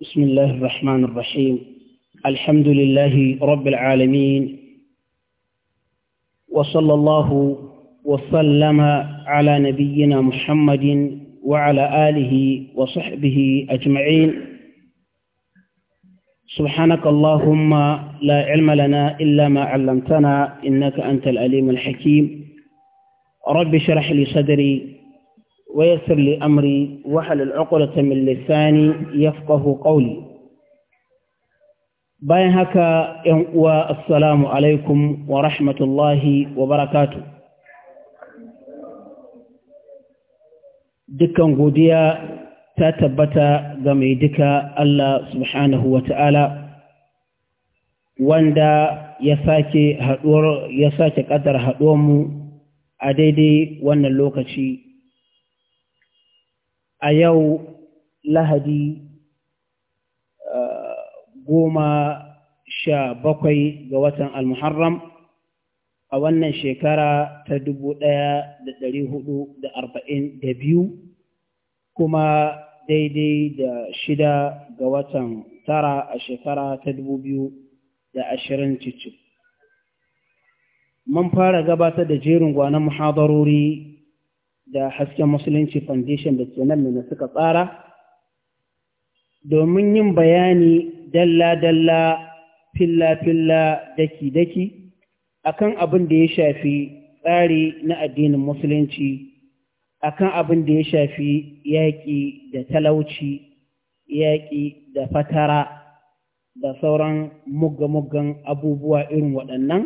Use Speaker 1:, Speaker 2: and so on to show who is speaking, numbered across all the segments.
Speaker 1: بسم الله الرحمن الرحيم الحمد لله رب العالمين وصلى الله وسلم على نبينا محمد وعلى آله وصحبه أجمعين سبحانك اللهم لا علم لنا إلا ما علمتنا إنك أنت الأليم الحكيم رب شرح لي صدري ويسر لي أمري وحل العقلة من لساني يفقه قولي باين هكا والسلام عليكم ورحمة الله وبركاته دكان قوديا تتبتا غمي دكا الله سبحانه وتعالى واندا يساكي هدور يساكي قدر هدومو a daidai wannan lokaci a yau lahadi ah, goma sha bakwai ga watan almuharram a wannan shekara ta dubu ɗaya da ɗari hudu da arba'in da biyu kuma daidai da shida ga watan tara a shekara ta dubu biyu da ashirin cicci. Mun fara gabatar da jerin gwanon muhadarori da hasken musulunci foundation da ke nan ne suka tsara domin yin bayani dalla-dalla filla-filla daki-daki akan abin da ya shafi tsari na addinin musulunci akan abin da ya shafi yaƙi da talauci yaƙi da fatara da sauran mugga-muggan abubuwa irin waɗannan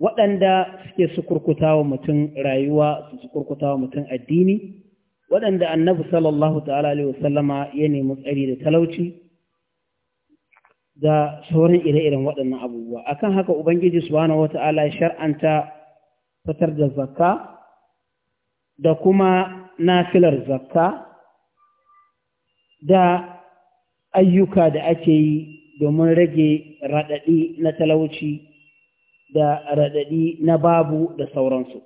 Speaker 1: waɗanda suke wa mutum rayuwa su kurkuta wa mutum addini waɗanda annabi sallallahu ta'ala alaihi wasallama ya nemi tsari da talauci da sauran ire-iren waɗannan abubuwa akan haka ubangiji subhanahu wata'ala ya shar'anta fitar da zakka da kuma nafilar zakka da ayyuka da ake yi domin rage raɗaɗi na talauci da raɗaɗi na babu da sauransu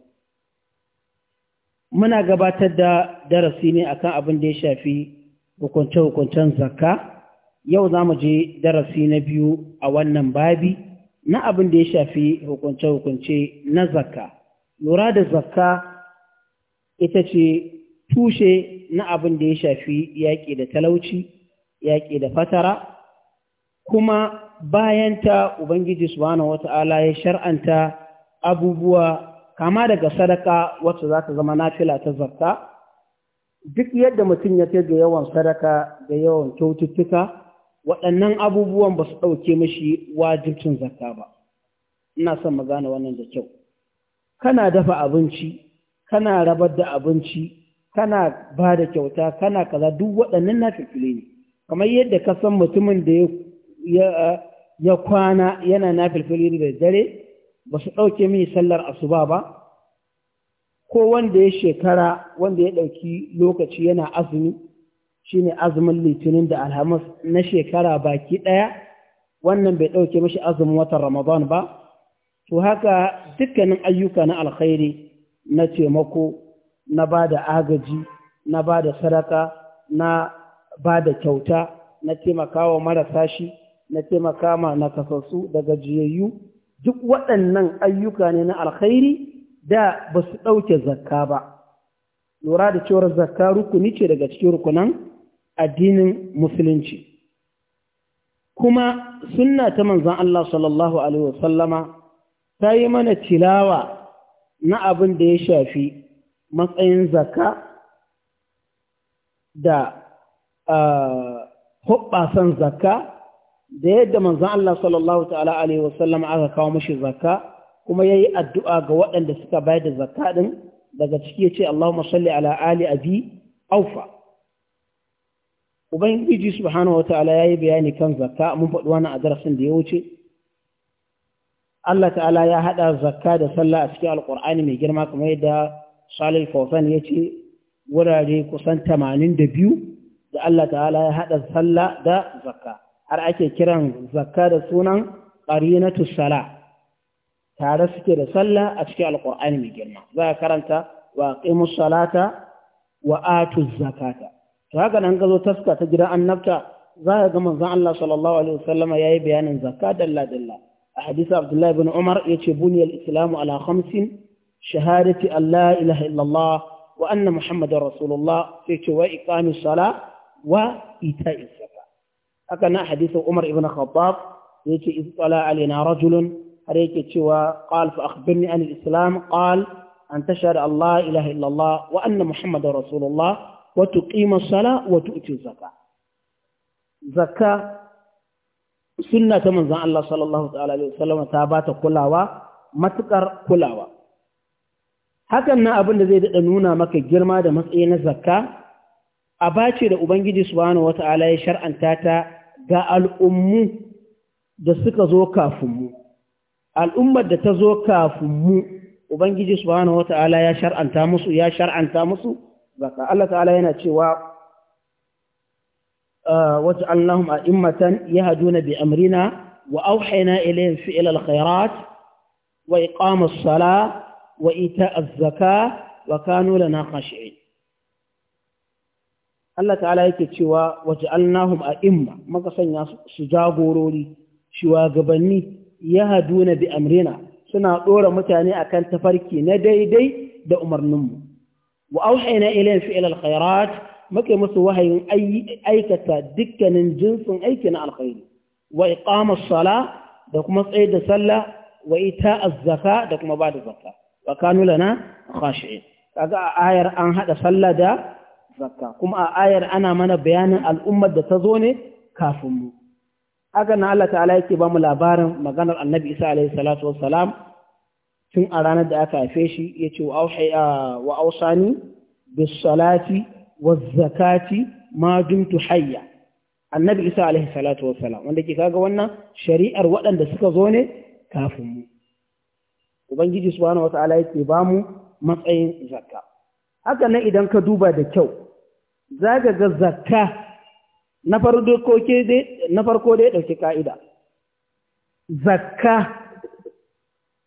Speaker 1: muna gabatar da darasi ne akan abin da ya shafi hukunce-hukuncen zakka yau za mu je darasi na biyu a wannan babi na abin da ya shafi hukunce-hukunce na zakka lura da zakka ita ce tushe na abin da ya shafi yaƙi da talauci yaƙi da fatara kuma Bayan ta Ubangiji subhanahu wata'ala ya shar'anta abubuwa kama daga sadaka wacce za ta zama nafila ta zakka duk yadda mutum ya kai yawan sadaka da yawan kyaututtuka waɗannan abubuwan ba su ɗauke mashi wajibcin zakka ba ina son mu gane wannan da kyau kana dafa abinci kana rabar da abinci kana ba da kyauta kana kaza duk waɗannan na ne kamar yadda ka san mutumin da ya ya kwana yana nafilfili da dare ba su ɗauke mini sallar asuba ba ko wanda ya shekara wanda ya ɗauki lokaci yana azumi shine azumin litinin da alhamis na shekara baki ɗaya wannan bai ɗauke mashi azumin watan ramadan ba to haka dukkanin ayyuka na alkhairi na taimako na ba da agaji na ba da sadaka na ba da kyauta na taimakawa marasa shi na ce ma na kasassu daga jiyayyu duk waɗannan ayyuka ne na alkhairi da ba su ɗauke zakka ba lura da cewar zakka rukuni ce daga cikin rukunan addinin musulunci kuma sunna ta manzan Allah sallallahu alaihi wasallama ta yi mana tilawa na abin da ya shafi matsayin zakka da ah, hoɓɓasan zakka da yadda manzon Allah sallallahu ta'ala alaihi wasallam aka kawo mashi zakka kuma yayi addu'a ga waɗanda suka bayar da zakka din daga ciki yace Allahumma salli ala ali abi aufa ubangiji subhanahu ya yayi bayani kan zakka mun faɗi wannan a darasin da ya wuce Allah ta'ala ya haɗa zakka da sallah a cikin alqur'ani mai girma kamar yadda Salih Fawzan yace wurare kusan 82 da Allah ta'ala ya haɗa sallah da zakka har ake kiran zakka da sunan ƙarinatu sala tare suke da sallah a cikin alƙur'ani mai girma za a karanta wa qimu salata wa atu zakata to haka nan gazo taska ta gidan annabta za ka ga manzon Allah sallallahu alaihi wasallama yayi bayanin zakka dalla dalla a hadisi Abdullah ibn Umar yace buniyal islamu ala khamsin shahadati alla ilaha illallah wa anna muhammadar rasulullah sai ce wa iqamis sala wa ita'is haka na hadisin Umar ibn Khattab yace isqala alaina rajulun har yake cewa qal fa akhbirni an al-islam qal an tashhadu an ilaha illa Allah wa anna muhammadar rasulullah wa tuqima as Sala, wa tu'ti Zaka. Zaka zakka sunna ta manzon Allah sallallahu ta'ala alaihi wasallam ta bata kulawa matukar kulawa hakan na abin da zai dada nuna maka girma da matsayi na zakka aba ce da ubangiji subhanahu wata'ala ya shar'anta ta ga al'ummu da suka zo kafin mu al'ummar da ta zo kafin mu ubangiji subhanahu wata'ala ya shar'anta musu ya shar'anta musu zaka Allah ta'ala yana cewa ah, waj'alnahum a'immatan yahduna bi amrina wa awhayna ilayhim fi'l al-khairat wa iqama Sala, salah wa ita az-zakah wa kanu lana khashi'in Allah ta'ala yake cewa waje annahum a imma maka sanya su jagorori shugabanni ya haduna bi amrina suna ɗora mutane akan tafarki na daidai da umarninmu wa auhaina ilayhim fi ilal muke musu wahayin aikata dukkanin jinsin aiki na alkhairi wa iqama sala da kuma tsayar da sallah wa ita zaka da kuma ba da zakka wa kanu lana khashi'in kaga a ayar an hada sallah da zakka kuma a ayar ana mana bayanin al'ummar da ta zo ne kafin mu haka na Allah ta'ala yake ba mu labarin maganar annabi isa alaihi salatu wassalam tun a ranar da aka haife shi ya ce wa ausani bis salati wa zakati ma dumtu hayya annabi isa alaihi salatu wassalam wanda ke kaga wannan shari'ar waɗanda suka zo ne kafin mu ubangiji subhanahu wataala yake ba mu matsayin zakka haka idan ka duba da kyau za ga ga zakka na farko dai ɗauki ƙa'ida zakka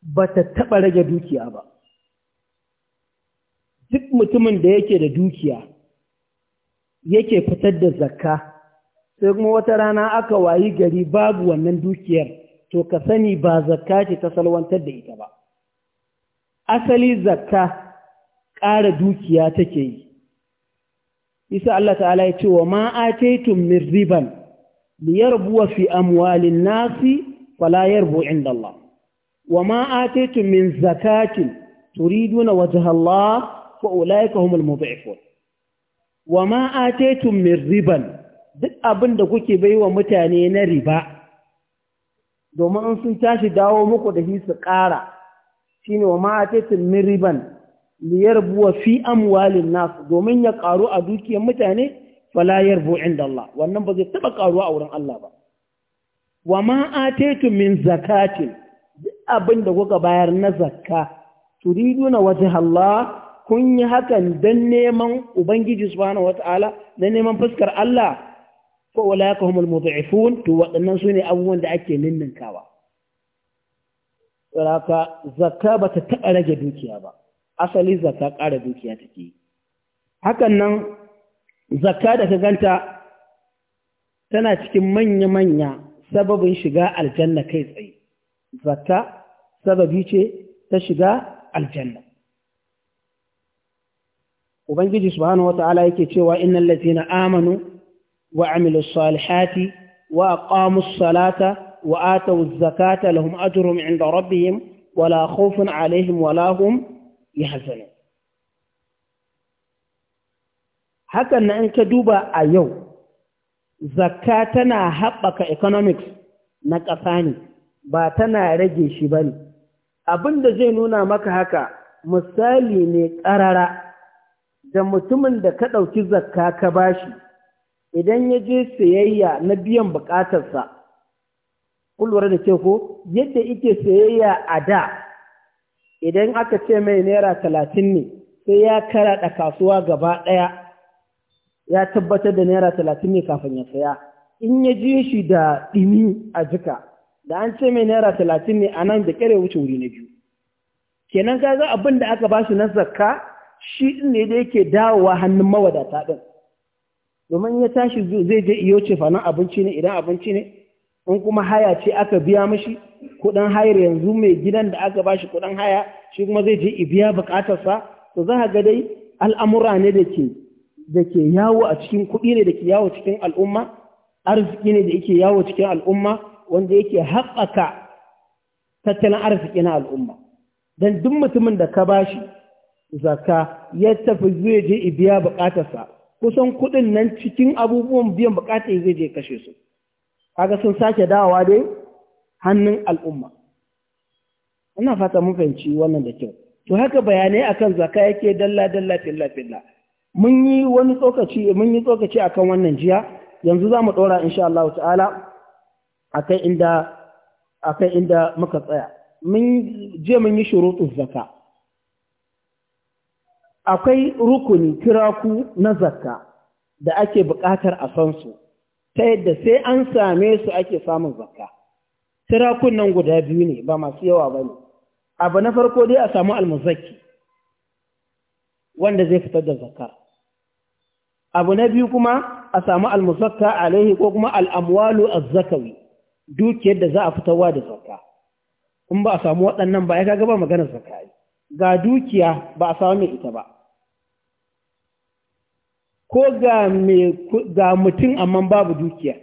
Speaker 1: ba ta taɓa rage dukiya ba duk mutumin da yake da dukiya yake fitar da zakka sai kuma wata rana aka wayi gari babu wannan dukiyar to ka sani ba zakka ce ta salwantar da ita ba asali zakka ƙara dukiya take yi isa Allah ta'ala ya ce wa ma ataitum min riban liyarbuwa fi amwalin nasi fala inda Allah wa ma min zakatin turiduna wajha Allah fa ulaika humul mudhifun wa ma ataitum min riban duk abin da kuke baiwa mutane na riba domin in sun tashi dawo muku da shi su ƙara shine wa ma ataitum min riban liyarbuwa fi amwalin nasu domin ya karu a dukiyar mutane fala yarbu inda Allah wannan ba zai taba karuwa a wurin Allah ba wa ma ataitu min zakatin abin da kuka bayar na zakka turiduna wajha Allah kun yi hakan dan neman ubangiji subhanahu wataala dan neman fuskar Allah fa ulaika humul mudhifun to waɗannan sune abubuwan da ake ninninkawa zaka zakka bata taba rage dukiya ba asali zakka ƙara dukiya take hakan nan zakka da ka ganta tana cikin manya-manya sababin shiga aljanna kai tsaye zakka sababi ce ta shiga aljanna ubangiji subhanahu wata'ala yake cewa innal na amanu wa amilus salihati wa aqamus salata wa atawuz zakata lahum ajruhum 'inda rabbihim wala khawfun alaihim wala hum yahzanun hakan na in ka duba a yau zakka tana haɓaka economics na ƙasa ne ba tana rage shi ba ne da zai nuna maka haka misali ne ƙarara da mutumin da ka ɗauki zakka ka bashi idan ya je sayayya na biyan buƙatarsa ƙulwar da ce ko yadda ike sayayya a da idan aka ce mai naira talatin ne sai ya karaɗa kasuwa gaba ɗaya ya tabbatar da naira talatin ne kafin ya saya in ya ji shi da ɗimi a jika da an ce mai naira talatin ne a nan da ƙere wuce wuri na biyu kenan ka ga abin da aka ba shi na zakka shi ne da yake dawowa hannun mawadata ɗin domin ya tashi zai je iyo ce fanan abinci ne idan abinci ne in kuma haya ce aka biya mashi kuɗin hayar yanzu mai gidan da aka bashi kuɗin haya shi kuma zai je ibiya bukatarsa to za ga dai al'amura ne da ke da ke yawo a cikin kuɗi ne da ke yawo cikin al'umma arziki ne da yake yawo cikin al'umma wanda yake haɓaka tattalin arziki na al'umma don duk mutumin da ka bashi zaka ya tafi zai je ibiya bukatarsa kusan kuɗin nan cikin abubuwan biyan bukata zai je kashe su kaga sun sake dawowa dai hannun al'umma ina fata mun fahimci wannan da kyau to haka bayanai akan zaka yake dalla dalla filla filla mun yi wani tsokaci mun yi tsokaci akan wannan jiya yanzu zamu dora insha Allah ta'ala akai inda akai inda muka tsaya mun je mun yi shurutu zakka akwai rukuni kiraku na zakka da ake buƙatar a san su ta yadda sai an same su ake samun zakka sirakunan guda biyu ne ba masu yawa ba ne abu na farko dai a samu almuzaki wanda zai fitar da zakka abu na biyu kuma a samu almuzakka alaihi ko kuma al'amwalu zakawi dukiyar da za a fitarwa da zakka in ba a samu waɗannan ba ya kaga ba maganar zakka ga dukiya ba a samu mai ita ba ko ga mutum amma babu dukiya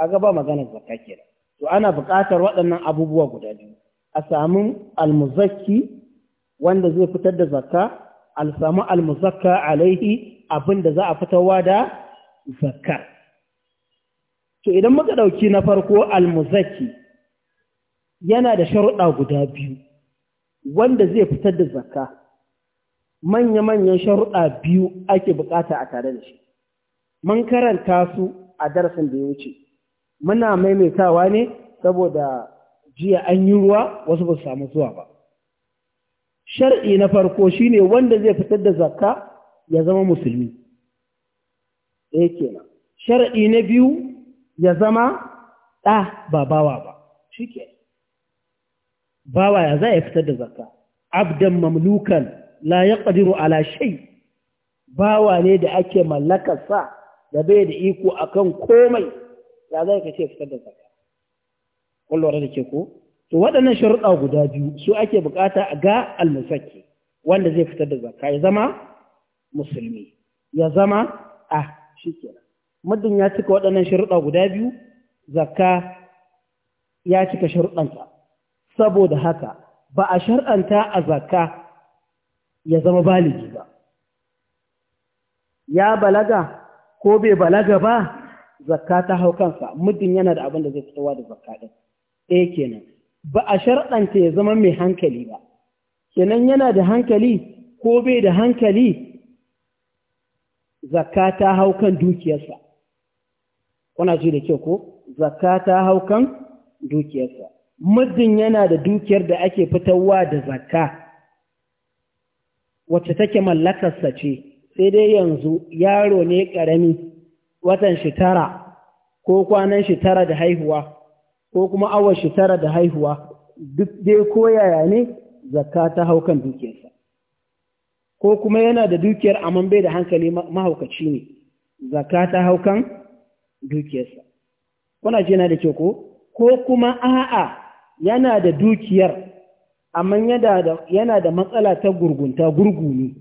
Speaker 1: a gaba maganar ke da. to ana buƙatar waɗannan abubuwa guda biyu a sami almuzakki wanda zai fitar da zaka al sami almuzakka alaihi abin da za a fitarwa da zaka to idan muka ɗauki na farko almuzakki yana da sharuɗa guda biyu wanda zai fitar da zakka manya-manyan sharuɗa biyu ake bukata a tare da shi mun karanta su a darasin da ya wuce muna maimaitawa ne saboda jiya an yi ruwa wasu ba su samu zuwa ba shar'i na farko shi ne wanda zai fitar da zakka ya zama musulmi ɗaya kenan shar'i na biyu ya zama ɗa ba bawa ba shi ke bawa ya za ya fitar da zakka abdan mamlukan la ya ƙadiru ala shai bawa ne da ake mallakarsa da bai da iko akan komai ya zai ka ce fitar da zaka kullum da ke ko to waɗannan sharuɗa guda biyu su ake buƙata a ga almusaki wanda zai fitar da zaka ya zama musulmi ya zama ah shikenan muddin ya cika waɗannan sharuɗa guda biyu zaka ya cika sharuɗanta saboda haka ba a shar'anta a zakka ya zama baligi ba ya balaga ko bai balaga ba zakka ta hau kansa muddin yana da abin da zai fitowa da zakka ɗin, e eh kenan ba a sharɗanta ya zama mai hankali ba kenan yana da hankali ko bai da hankali zakka ta hau kan dukiyarsa kuna ji da kyau ko zakka ta hau kan dukiyarsa muddin yana da dukiyar da ake fitowa da zakka wacce take mallakarsa ce sai dai yanzu yaro ne ƙarami watan shi tara ko kwanan shi tara da haihuwa ko kuma awar shi tara da haihuwa duk dai ko yaya ne zakka ta haukan dukiyarsa ko kuma yana da dukiyar amma bai da hankali mahaukaci ne zakka ta haukan dukiyarsa kuna yana da ko ko kuma a'a yana da dukiyar amma yana da matsala ta gurgunta gurgu ne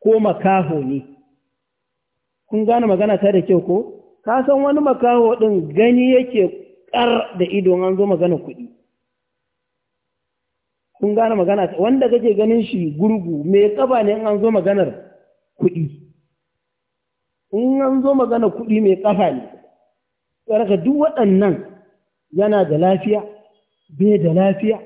Speaker 1: ko makaho ne kun gane magana ta da kyau ko ka san wani makaho ɗin gani yake kar da ido an zo magana kuɗi kun gane magana ta? wanda kake ganin shi gurgu me kaba ne an zo maganar kuɗi in an zo magana kuɗi mai kafa ne karka duk waɗannan yana da lafiya bai da lafiya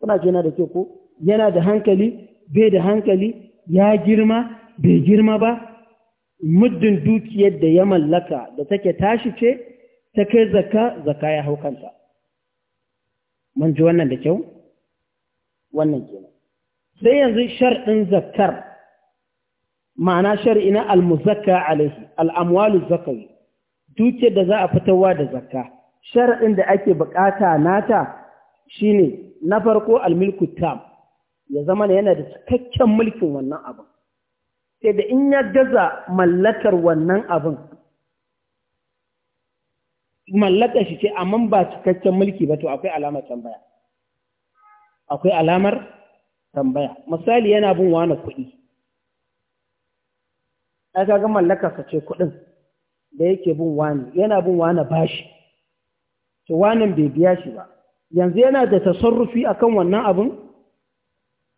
Speaker 1: kuna yana da ke ko yana da hankali bai da hankali ya girma bai girma ba muddin dukiyar da ya mallaka da take tashi ce ta kai zaka zaka ya hau kanta mun ji wannan da kyau wannan kenan sai yanzu shar'in zakkar ma'ana shar'ina na muzakka alaihi al'amwalu zakawi dukiyar da za a fitarwa da zakka shar'in da ake bukata nata shine na farko almilku tam ya zama ne yana da cikakken mulkin wannan abin sai da in ya gaza mallakar wannan abin mallakar shi ce amma ba cikakken mulki ba to akwai alamar tambaya akwai alamar tambaya misali yana bin wani kuɗi ai kaga mallakarsa ce kuɗin da yake bin wani yana bin wani bashi to wanan bai biya shi ba yanzu yana da tasarrufi kan wannan abin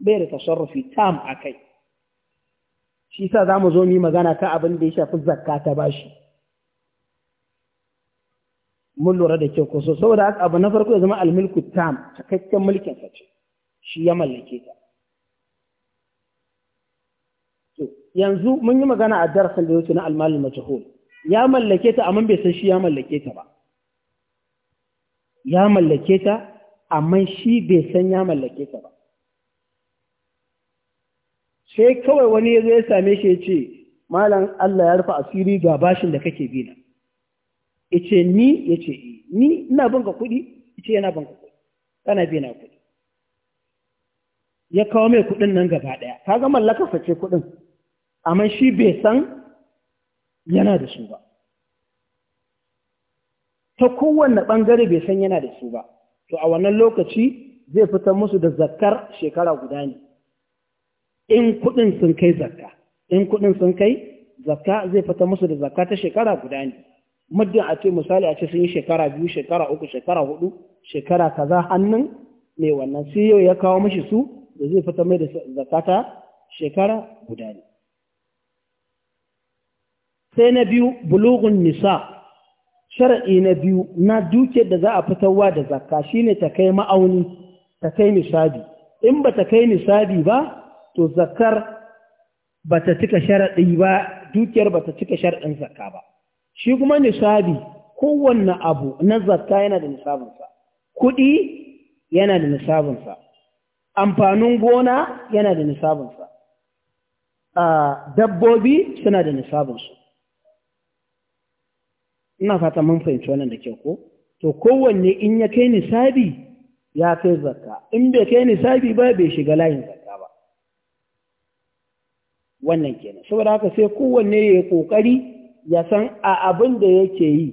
Speaker 1: bai da tasarrufi tam a kai. shi sa za mu zo mu magana ta abin da ya shafi zakka ta bashi mun lura da kyau kusa saboda haka abu na farko ya zama almilku tam cikakken mulkin sa ce shi ya mallake ta yanzu mun yi magana a darasin da yake na almalin mace ya mallake ta amma bai san shi ya mallake ta ba ya mallake ta amma shi bai san ya mallake ta ba sai kawai wani ya zai same shi ya ce malam Allah ya rufe asiri ga bashin da kake bi na ce, ni ya ce, eh, ni ina banka kuɗi ce yana banka kuɗi kana bi na kuɗi ya kawo mai kuɗin nan gaba ɗaya kaga mallaka sace kuɗin amma shi bai san yana da su ba ta kowanne ɓangare bai san yana da su ba to a wannan lokaci zai fitar musu da zakar shekara guda ne in kuɗin sun kai zakka in kuɗin sun kai zakka zai fitar musu da zakka ta shekara guda ne muddin a ce misali a ce sun yi shekara biyu shekara uku shekara hudu shekara kaza hannun mai wannan sai yau e ya kawo mashi su da zai fita mai da zakka ta shekara guda ne sai na biyu bulugun nisa sharaɗi na biyu na dukiyar da za a fitarwa da zakka shine ta kai ma'auni ta kai nisabi in ba ta kai nisabi ba to zakkar ba ta cika sharaɗi ba dukiyar ba ta cika sharaɗin zakka ba shi kuma nisabi kowanne abu na zakka yana da nisabinsa kuɗi yana da nisabinsa amfanin gona yana da nisabinsa ah, dabbobi suna da nisabinsu ina fata mun fahimci wannan da kyau ko to kowanne in ya kai nisabi ya kai zakka in bai kai nisabi ba bai shiga layin zakka ba wannan kenan saboda haka sai kowanne ya yi kokari ya san a abin da yake yi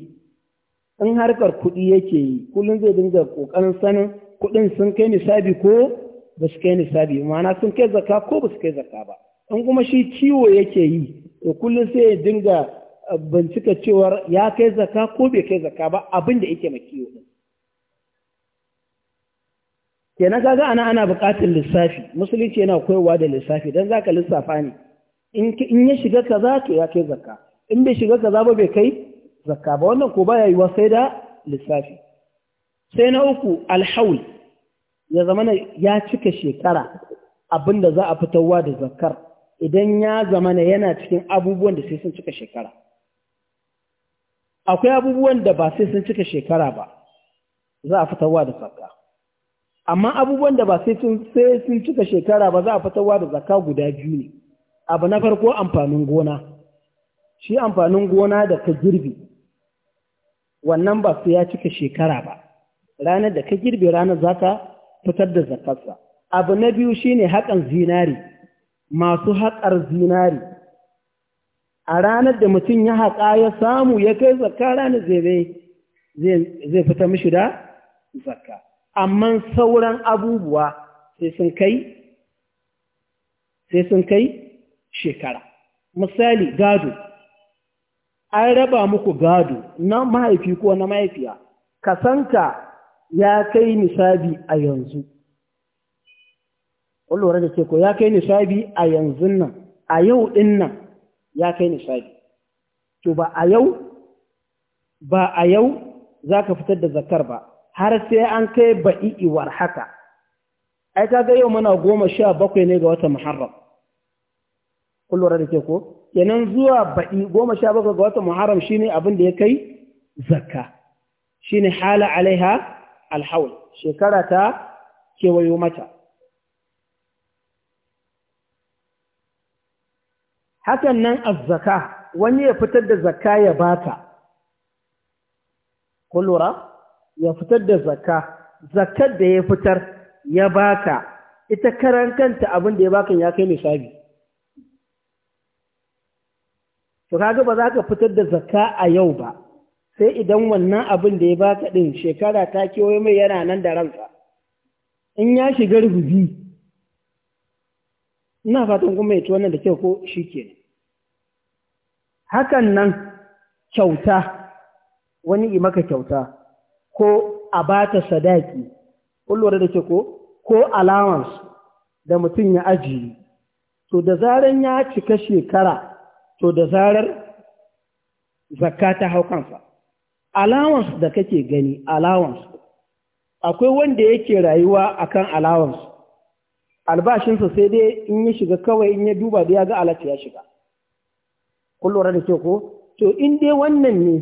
Speaker 1: in harkar kuɗi yake yi kullum zai dinga kokarin sanin kuɗin sun kai nisabi ko ba su kai nisabi ma'ana sun kai zakka ko ba su kai zakka ba in kuma shi ciwo yake yi to kullum sai ya dinga bincika cewar ya kai zaka ko bai kai zaka ba abin da yake makiyo din kenan kaga ana ana buƙatar lissafi musulunci yana koyarwa da lissafi dan ka lissafa ne in ya shiga kaza to ya kai zaka in bai shiga kaza ba bai kai zaka ba wannan ko baya yiwa sai da lissafi sai na uku alhaul ya zama ya cika shekara abinda za a fitarwa da zakar idan ya zamana yana cikin abubuwan da sai sun cika shekara akwai abubuwan da ba sai sun cika shekara ba za a fitarwa da zakka amma abubuwan da ba sai sun cika shekara ba za a fitarwa da zakka guda biyu ne abu na farko amfanin gona shi amfanin gona da ka girbi wannan ba sai ya cika shekara ba ranar da ka girbe ranar za ka fitar da zakarsa abu na biyu shine haƙan zinari masu haƙar zinari a ranar da mutum ya haƙa ya samu ya kai zakka ranar zai fita mishi da zakka amma sauran abubuwa sai sun kai shekara misali gado an raba muku gado na mahaifi ko na mahaifiya kasanka ya kai nisabi a yanzu ƙullura da ce ko ya kai nisabi a yanzu nan a yau ɗin nan ya kai nishaɗi to ba a yau ba a yau za ka fitar da zakar ba har sai an kai ba'i haka ai kaga yau muna goma sha bakwai ne ga watan muharram kun da ke ko kenan zuwa ba'i goma sha bakwai ga watan muharram shine abin da ya kai zakka shine hala alaiha alhaul shekara ta kewayo mata hakan nan azzaka wani ya fitar da zakka ya baka kullura ya fitar da zakka zakkar da ya fitar ya baka ita karan kanta abin da ya baka ya kai nisabi to kaga ba za ka fitar da zakka a yau ba sai idan wannan abin da ya baka ɗin shekara ta kewaye mai yana nan da ranka in ya shiga rububi ina fatan kuma ya ci wannan da kyau ko shi ke hakan nan kyauta wani yi maka kyauta ko a ba ta sadaki kullum da ke ko ko allowance da mutum ya ajiye to da zarar ya cika shekara to da zarar zakka ta hau kansa allowance da kake gani allowance akwai wanda yake rayuwa akan allowance albashinsa sai dai in ya shiga kawai in ya duba da ya ga alat ya shiga kun lura da ke ko to in dai wannan ne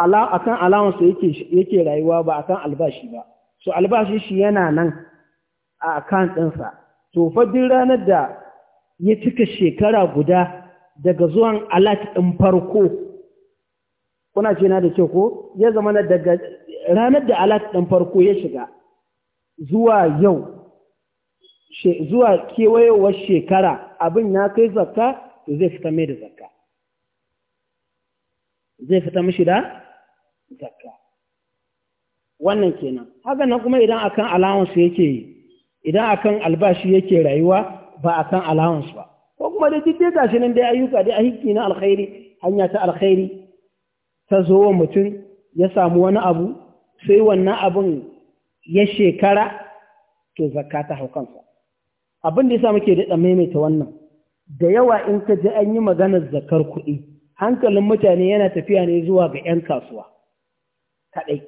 Speaker 1: akan alawansa yake rayuwa ba kan albashi ba so albashi shi yana nan a kan ɗinsa to faɗin ranar da ya cika shekara guda daga zuwan alat ɗin farko kuna ce na da ke ko ya zama daga ranar da alat ɗin farko ya shiga zuwa yau zuwa kewayowar shekara abin ya kai zakka zai fita mai da zakka zai fita mishi da zakka wannan kenan haka nan kuma idan akan allowance yake yi idan akan albashi yake rayuwa ba akan allowance ba ko kuma da jirgin da shi nan dai ayyuka dai ahiki na alkhairi hanya ta alkhairi ta zo wa mutum ya samu wani abu sai wannan abin ya shekara to zakka ta hau kansa abin da ya sa muke daɗa maimaita wannan da yawa in ka ji an yi maganar zakar kuɗi hankalin mutane yana tafiya ne zuwa ga 'yan kasuwa kaɗai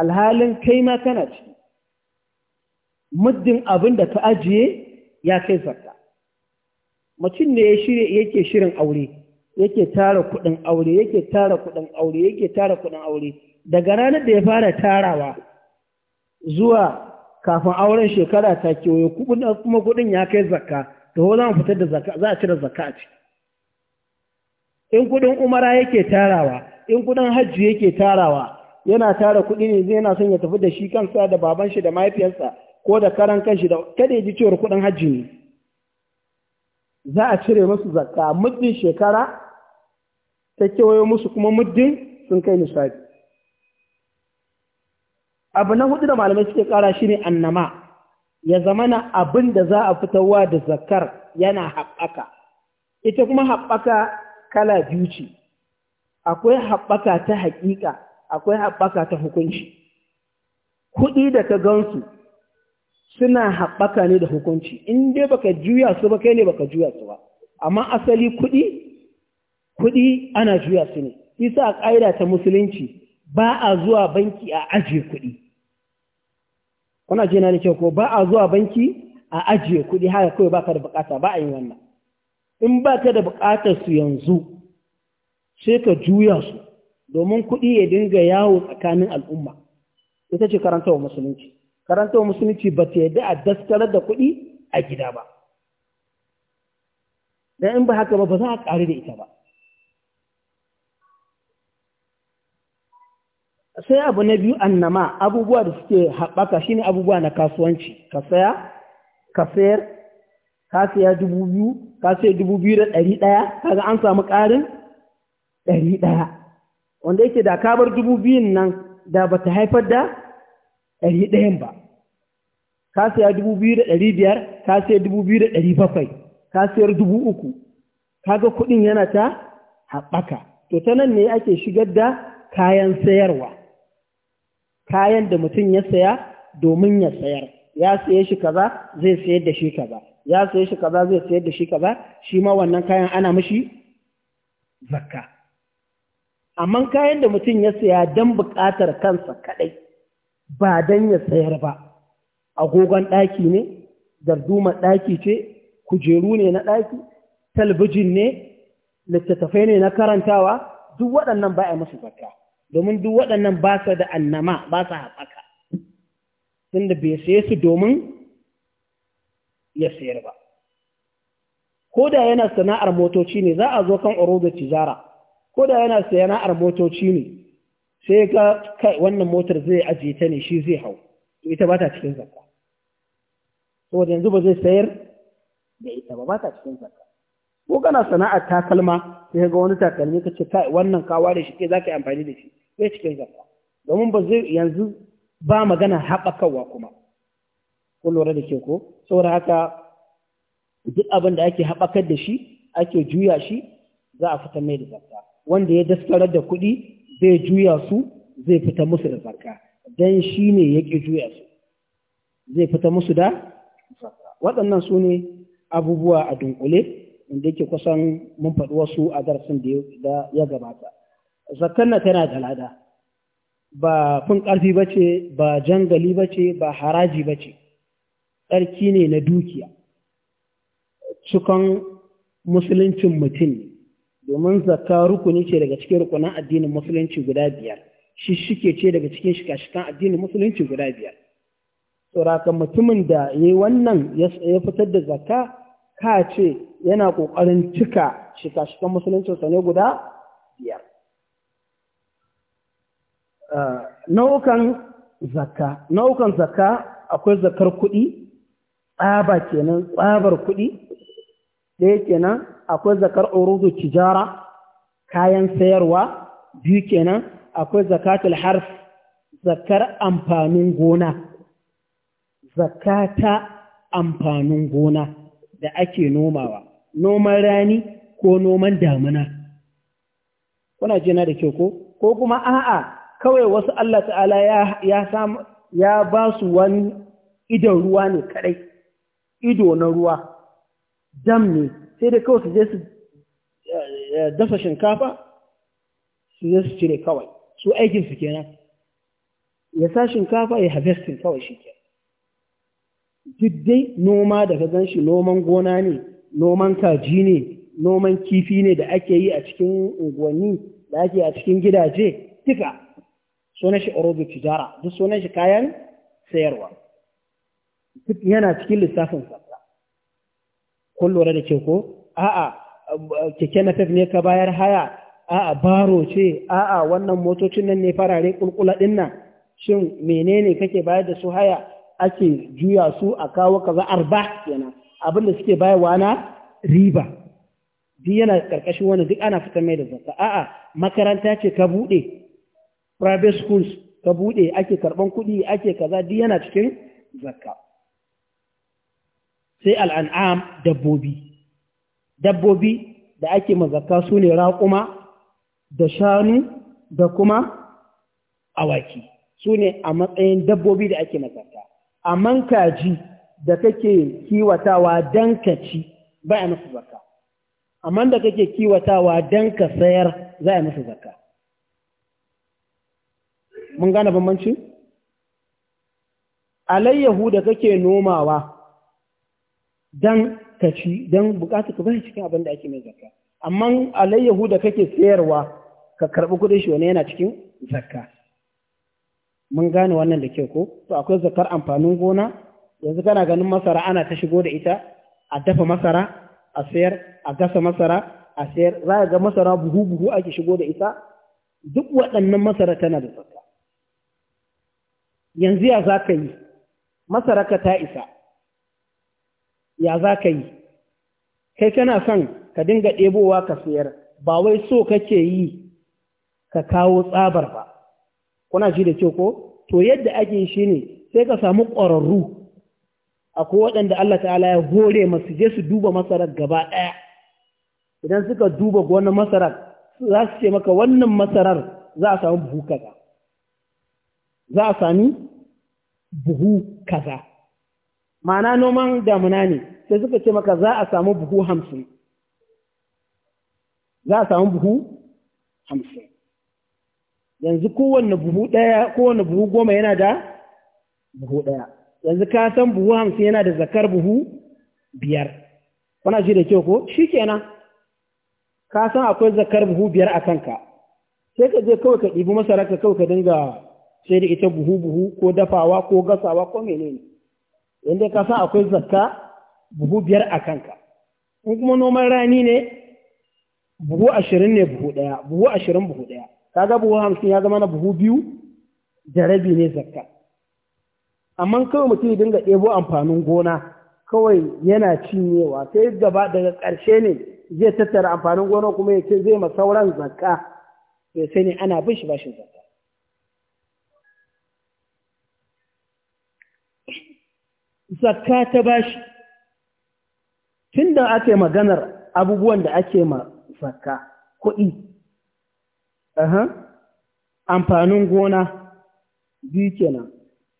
Speaker 1: alhalin kai ma kana ciki muddin abin da ka ajiye ya kai zarta mutum ne yake shirin aure yake tara kuɗin aure yake tara kuɗin aure yake tara kuɗin aure daga ranar da ya fara tarawa zuwa kafin auren shekara ta kewaye kuma kudin ya kai zakka to ho za fitar da zakka za a cire zakka a ciki in kudin umara yake tarawa in kudin hajji yake tarawa yana tara kudi ne zai yana son ya tafi da shi kansa da baban shi da mahaifiyarsa ko da karan kanshi da kada ya ji cewar kudin hajji ne za a cire musu zakka muddin shekara ta kewaye musu kuma muddin sun kai nisabi abu na hudu da malamai suke kara shi ne annama ya zama na abin da za a fitarwa da zakar yana haɓaka ita kuma haɓaka kala biyu ce akwai haɓaka ta haƙiƙa akwai haɓaka ta hukunci kuɗi da ka gansu suna haɓaka ne da hukunci in dai baka juya su ba kai ne baka juya su ba amma asali kuɗi kuɗi ana juya su ne isa a ƙa'ida ta musulunci ba a zuwa banki a ajiye kuɗi kuna ce na da kyau ko ba a zuwa banki a ajiye kuɗi haka kawai ba ka da bukata ba a yin wannan in ba ka da bukatar su yanzu sai ka juya su domin kuɗi ya dinga yawo tsakanin al'umma ita ce wa musulunci wa musulunci ba ta yadda a daskarar da kuɗi a gida ba dan in ba haka ba ba za a ƙari da ita ba sai abu na biyu annama abubuwa da suke haɓaka shine abubuwa na kasuwanci ka saya ka sayar ka saya dubu biyu ka saya dubu biyu da ɗari ɗaya kaga an samu ƙarin ɗari ɗaya wanda yake da ka bar dubu biyun nan da ba ta haifar da ɗari ɗayan ba ka saya dubu biyu da ɗari biyar ka saya dubu biyu da ɗari bakwai ka sayar dubu uku kaga kuɗin yana ta haɓaka to ta nan ne ake shigar da kayan sayarwa kayan da mutum ya saya domin ya sayar ya saye shi kaza zai sayar da shi kaza ya saye shi kaza zai sayar da shi kaza shi ma wannan kayan ana mishi zakka amma kayan da mutum ya saya don buƙatar kansa kaɗai ba don ya sayar ba agogon ɗaki ne dardumar ɗaki ce kujeru ne na ɗaki talbijin ne littattafai ne na karantawa duk waɗannan ba a musu zakka domin duk waɗannan ba su da annama ba su haɓaka tunda bai saye su domin ya sayar ba ko da yana sana'ar motoci ne za a zo kan da tijara ko da yana sana'ar motoci ne sai ga kai wannan motar zai ajiye ta ne shi zai hau to ita ba ta cikin zakka saboda yanzu ba zai sayar da ita ba ba ta cikin zakka ko kana sana'ar takalma sai ga wani takalmi ka ce kai wannan kawa da shi ke za yi amfani da shi sai cikin zakka domin ba zai yanzu ba magana haɓakawa kuma ko lura da ke ko saboda haka duk abin da ake haɓakar da shi ake juya shi za a fita mai da zakka wanda ya daskarar da kuɗi zai juya su zai fita musu da zakka dan shi ne yake juya su zai fita musu da zakka waɗannan su abubuwa a dunkule inda yake kusan mun faɗi wasu a darasin da ya gabata zakkan na tana da lada ba kun ƙarfi ba ce ba jangali ba ce ba haraji ba ce tsarki ne na dukiya cikon musuluncin mutum ne domin zakka rukuni ce daga cikin rukunan addinin musulunci guda biyar shishike ce daga cikin shika-shikan addinin musulunci guda biyar Tsoraka mutumin da ya yi wannan ya fitar da zakka ka ce yana ƙoƙarin cika shika-shikan musuluncinsa ne guda biyar. Ah, nau'ukan zakka, nau'ukan zakka akwai zakar kuɗi, tsaba kenan, tsabar kuɗi, ɗaya kenan akwai zakar urudu tijara, kayan sayarwa, biyu kenan akwai zakatul har zakar amfanin gona, zakata amfanin gona. da ake nomawa, noman rani ko noman damuna. Kuna jina da ke ko? Ko kuma a'a kawai wasu Allah ta'ala ya, ya ba su wani idon ruwa ne kadai, ido na ruwa, dam ne, sai da kawai su je su eh, eh, dafa shinkafa, su je su cire kawai, su aikinsu kenan. Ya sa shinkafa ya harvesting kawai shi kenan. duk dai noma da ka gan shi noman gona ne noman kaji ne noman kifi ne da ake yi a cikin unguwanni da ake a cikin gidaje duka sunan shi aerobic tijara duk sunan shi kayan sayarwa duk yana cikin lissafin sabra kun da ke ko a'a keke na ne ka bayar haya a'a baro ce a'a wannan motocin nan ne farare kulkula ɗin nan shin menene kake bayar da su haya ake juya su a kawo kaza arba yana abin da suke bayarwa na riba duk yana karkashin wani duk ana fitar mai da zakka a'a makaranta ce ka bude private schools ka bude ake karban kuɗi ake kaza duk yana cikin zakka sai al'an'am dabbobi dabbobi da ake zakka su ne raƙuma da shanu da kuma awaki su ne a matsayin dabbobi da ake mazaka amman kaji da kake kiwatawa dan ka ci ba a musu zakka amman da kake kiwatawa dan ka sayar za a musu zaka. mun gane bambanci alayyahu da kake nomawa dan ka ci dan bukatu ka bai cikin abin da ake mai zaka. amma alayyahu da kake sayarwa ka karɓi kudin shi wani yana cikin zakka mun gane wannan da kyau ko to akwai zakar amfanin gona yanzu kana ganin masara ana ta shigo da ita a dafa masara a sayar a gasa masara a sayar za ka ga masara buhu buhu ake shigo da ita duk waɗannan masara tana da tsaka. yanzu ya za ka yi ka ta isa ya za ka yi kai kana son ka dinga ɗebowa ka sayar ba wai so kake yi ka kawo tsabar ba kuna shi da ce ko to yadda ake shi ne sai ka samu ƙwararru ko waɗanda Allah ta'ala ya hore masu je su duba masarar gaba ɗaya idan suka duba wannan masarar za su ce maka wannan masarar za a samu buhu kaza za a sami buhu kaza ma'ana noman damuna ne sai suka ce maka za a samu buhu hamsin za a samu buhu hamsin yanzu kowanne buhu ɗaya kowanne buhu goma yana da buhu ɗaya yanzu ka san buhu hamsin yana da zakar buhu biyar kuna ji da kyau ko shi kenan ka san akwai zakar buhu biyar a kanka sai ka je kawai ka ɗibi masara ka kawai ka dinga sai da ita buhu buhu ko dafawa ko gasawa ko menene yanda ka san akwai zakka buhu biyar a kanka in kuma noman rani ne buhu ashirin ne buhu ɗaya buhu ashirin buhu ɗaya kaga buhu hamsin ya zama na buhu biyu da rabi ne zakka amma kawai mutum ya dinga ɗebo amfanin gona kawai yana cinyewa sai gaba daga ƙarshe ne zai tattara amfanin gona kuma ya ce zai ma sauran zakka ya sai ana bin shi bashin zakka zakka ta bashi tun da ake maganar abubuwan da ake ma zakka kuɗi amfanin gona biyu kenan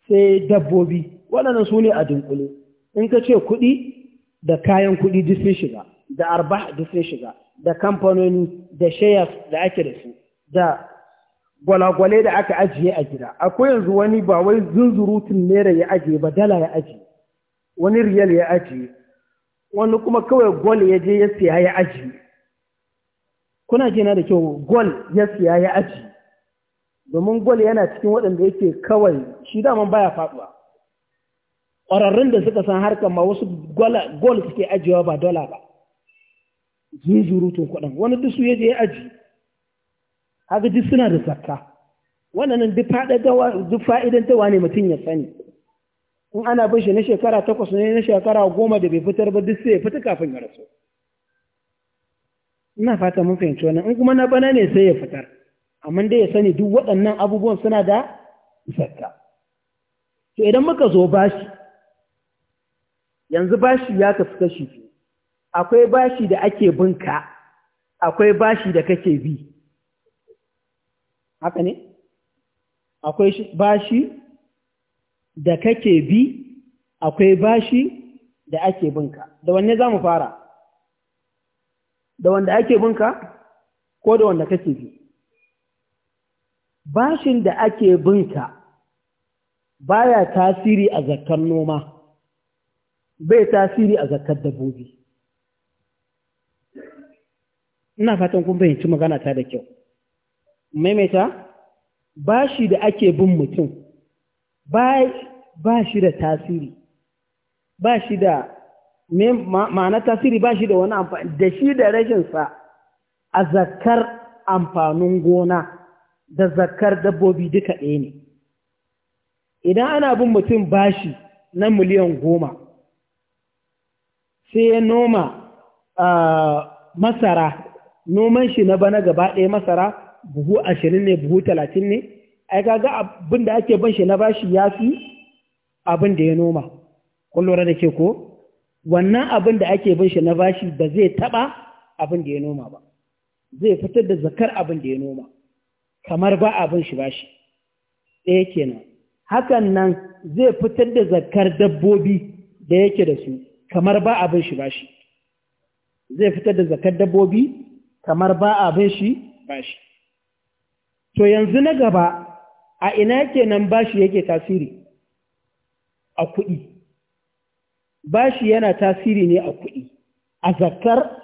Speaker 1: sai dabbobi waɗannan su ne a dunkule in ka ce kuɗi da kayan kuɗi duk shiga da arba duk shiga da kamfanoni da shayas da ake da su da gwalagwale da aka ajiye a gida akwai yanzu wani ba wai zunzurutun naira ya ajiye ba dala ya ajiye wani riyal ya ajiye wani kuma kawai gwal ya je ya siya ya ajiye kuna jina da kyau gol ya siya ya aji domin gol yana cikin waɗanda yake kawai shi daman baya faɗuwa ƙwararrun da suka san harkar ma wasu gol suke ajiyewa ba dola ba zuzurutun kuɗin wani dusu ya je ya aji haka ji suna da zakka wannan duk fa'idan duk fa'idantawa mutum ya sani in ana bin shi na shekara takwas ne na shekara goma da bai fitar ba duk sai ya fita kafin ya rasu ina fata mun fahimci wannan in kuma na bana ne sai ya fitar amma dai ya sani duk waɗannan abubuwan suna da zakka to idan muka zo bashi yanzu bashi ya kasu kashi biyu akwai bashi da ake binka akwai bashi da kake bi haka ne akwai bashi da kake bi akwai bashi da ake binka da wanne za mu fara da wanda ake binka ko da wanda kake bi bashin da ake binka baya tasiri a zakkar noma bai tasiri a zakkar dabbobi ina fatan kun fahimci magana ta da kyau maimaita bashi da ake bin mutum ba shi da tasiri ba shi da ma'ana tasiri ba shi da wani amfani da shi da rashinsa a zakar amfanin gona da zakar dabbobi duka ɗaya ne idan ana bin mutum bashi na miliyan goma sai ya noma masara noman shi na bana gaba ɗaya masara buhu ashirin ne buhu talatin ne ai kaga abin da ake ban shi na bashi ya fi abin ya noma kullum da ke ko wannan abin da ake bin shi na bashi ba zai taɓa abin da ya noma ba zai fitar da zakar abin da ya noma kamar ba abin shi bashi ɗaya kenan hakan nan zai fitar da zakar dabbobi da yake da su kamar ba abin shi bashi zai fitar da zakar dabbobi kamar ba abin shi bashi to yanzu na gaba a ina nan bashi yake tasiri a kuɗi bashi yana tasiri ne a kuɗi a zakar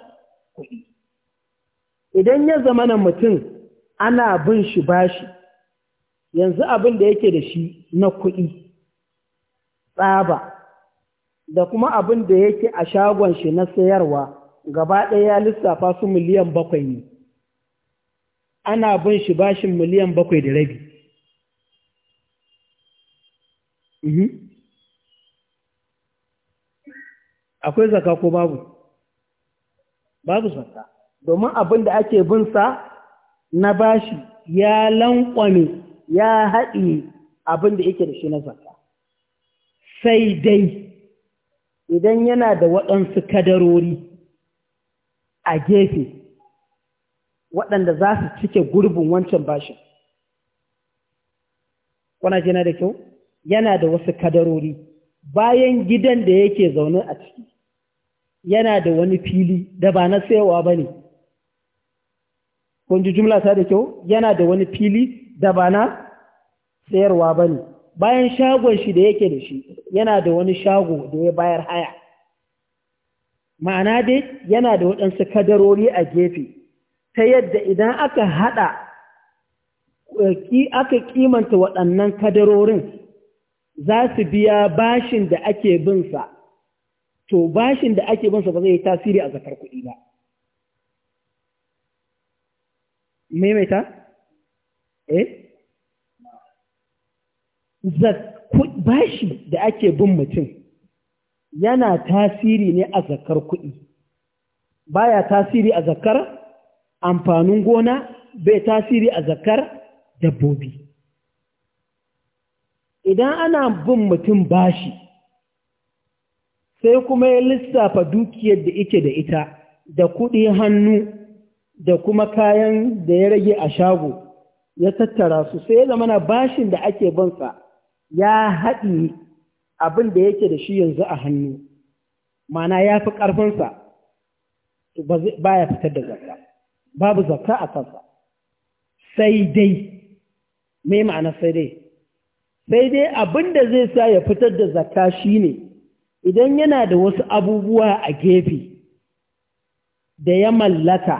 Speaker 1: kuɗi idan ya zama na mutum ana bin shi bashi yanzu abin da yake da shi na kuɗi tsaba da kuma abin da yake a shagon shi na sayarwa gaba ɗaya ya lissafa su miliyan bakwai ne ana bin shi bashin miliyan bakwai da rabi mhm. akwai zaka ko babu babu zaka domin abin da ake bin sa na bashi ya lankwame ya haɗi abin da yake da shi na zaka sai dai idan yana da waɗansu kadarori a gefe waɗanda za su cike gurbin wancan bashin kuna jina da kyau yana da wasu kadarori bayan gidan da yake zaune a ciki yana da wani fili da ba na sayowa ba ne kunji jumla ta da kyau yana da wani fili da ba na sayarwa ba ne bayan shagon shi da yake da shi yana da wani shago da ya bayar haya ma'ana dai yana da waɗansu kadarori a gefe ta yadda idan aka haɗa eh, aka kimanta waɗannan kadarorin za su biya bashin da ake binsa to bashin da ake bansa ba zai yi tasiri a zakar kuɗi ba maimaita eh bashi da ake bin mutum yana tasiri ne a zakar kuɗi baya tasiri a zakar amfanin gona bai tasiri a zakar dabbobi idan ana bin mutum bashi sai kuma ya lissafa dukiyar da ike da ita da kuɗi hannu da kuma kayan da ya rage a shago ya tattara su sai ya zama bashin da ake bansa ya haɗi abin da yake da shi yanzu a hannu mana ya fi ƙarfinsa ba ya fitar da zakka babu zakka a kansa sai dai mai ma'ana sai dai sai dai abin da zai sa ya fitar da zakka ne. idan yana da wasu abubuwa a gefe da ya mallaka